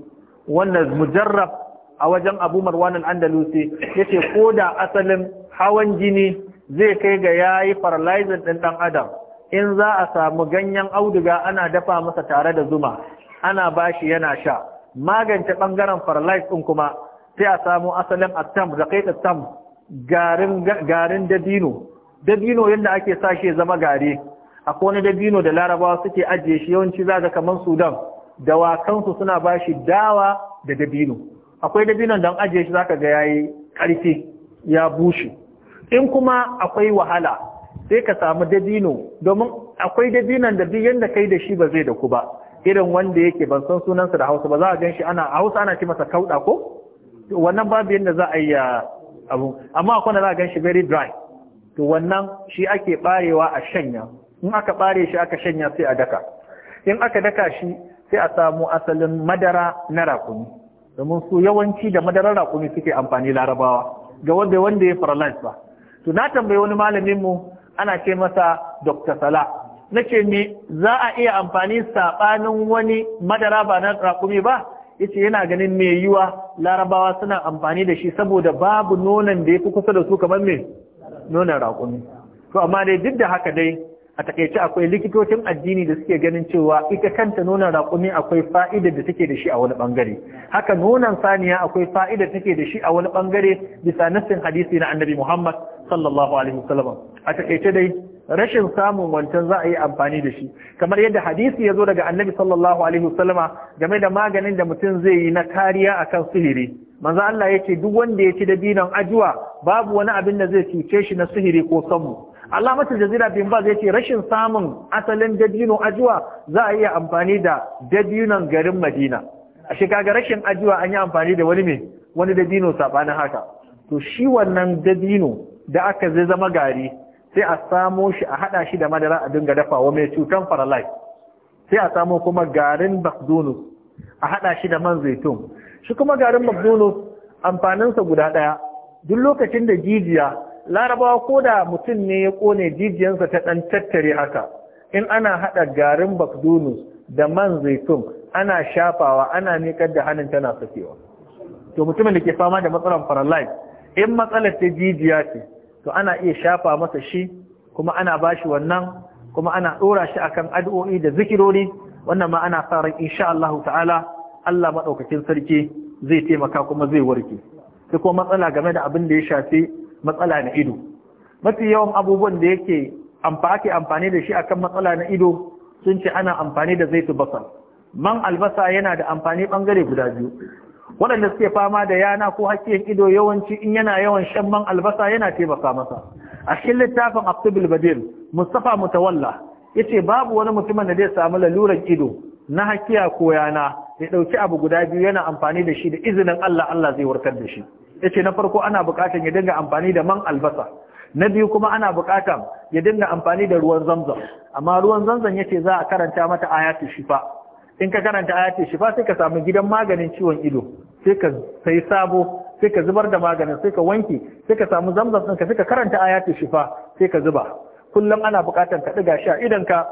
wannan mujarrab a wajen abu marwanin andalusi ya ce ko da asalin hawan jini zai kai ga ya yi paralyzing ɗin ɗan adam in za a samu ganyen auduga ana dafa masa tare da zuma ana bashi yana sha magance ɓangaren paralyzing ɗin kuma sai a samu asalin attam kai attam garin garin dabino dabino yadda ake sa sashe zama gari akwai wani dabino da larabawa suke ajiye shi yawanci za ga kamar sudan dawakansu suna bashi dawa da dabino akwai dabino don ajiye shi zaka ga yayi karfi ya bushe in kuma akwai wahala sai ka samu dabino domin akwai dabinon da biyan da kai da shi ba zai da ku ba irin wanda yake ban san sunansa da Hausa ba za a gan shi ana a Hausa ana ce masa kauda ko wannan babu yanda za a yi abu amma akwai na za a gan shi very dry to wannan shi ake barewa a shanya in aka bare shi aka shanya sai a daka in aka daka shi sai a samu asalin madara na rakumi domin su yawanci da madarar raƙumi suke amfani larabawa ga wanda wanda ya paralyze ba to na tambayi wani malamin mu ana ce masa Dr. Sala nace me za a iya amfani saɓanin wani madara ba na raƙumi ba yace yana ganin mai yiwa larabawa suna amfani da shi saboda babu nonon da ya fi kusa da su kamar mai nonon raƙumi to amma dai duk da haka dai a takaice akwai likitocin addini da suke ganin cewa ita kanta nuna raƙumi akwai fa'idar da take da shi a wani bangare haka nunan saniya akwai fa'idar take da shi a wani bangare bisa nassin hadisi na annabi Muhammad sallallahu alaihi wasallam a takaice dai rashin samun wancan za a yi amfani da shi kamar yadda hadisi ya zo daga annabi sallallahu alaihi wasallama game da maganin da mutum zai yi na kariya akan sihiri manzo Allah ya ce duk wanda ya ci dabinon ajuwa babu wani abin da zai cuce shi na sihiri ko sammu da jazira bin ba zai ce rashin samun asalin dabino ajiwa za a iya amfani da dabinon garin madina a shekaga rashin ajuwa an yi amfani da wani mai wani dabino saɓanin haka to shi wannan dabino da aka zai zama gari sai a samo shi a haɗa shi da madara a dinga dafawa mai cutan faralai sai a samo kuma garin bakdono a haɗa shi da man zaitun shi kuma garin bakdono amfaninsa guda ɗaya duk lokacin da jijiya larabawa ko da mutum ne ya kone jijiyansa ta ɗan tattare haka in ana haɗa garin bakdunus da man zaitun ana shafawa ana nekar da hannun tana sakewa to mutumin da ke fama da matsalar paralyze in matsalar ta jijiya ce to ana iya shafa masa shi kuma ana bashi wannan kuma ana ɗora shi akan addu'o'i da zikirori wannan ma ana sa ran sha Allah ta'ala Allah madaukakin sarki zai taimaka kuma zai warke sai kuma matsala game da abin da ya shafi matsala na ido mafi yawan abubuwan da yake ake amfani da shi akan matsala na ido sun ce ana amfani da zaitu basar man albasa yana da amfani bangare guda biyu waɗanda suke fama da yana ko hakkin ido yawanci in yana yawan shan man albasa yana taimaka masa a cikin littafin abdul badil Mustapha mutawalla ce babu wani mutumin da zai samu laluran ido na hakkiya ko yana ya ɗauki abu guda biyu yana amfani da shi da izinin Allah Allah zai warkar da shi ya ce na farko ana buƙatar ya dinga amfani da man albasa na biyu kuma ana bukatan ya dinga amfani da ruwan zamzam amma ruwan zamzam ce za a karanta mata ayatu shifa in ka karanta ayatu shifa sai ka samu gidan maganin ciwon ido sai ka sai sabo sai ka zubar da maganin sai ka wanke sai ka samu zamzam ɗinka sai ka karanta ayatu shifa sai ka zuba kullum ana buƙatar ka ɗiga sha idan ka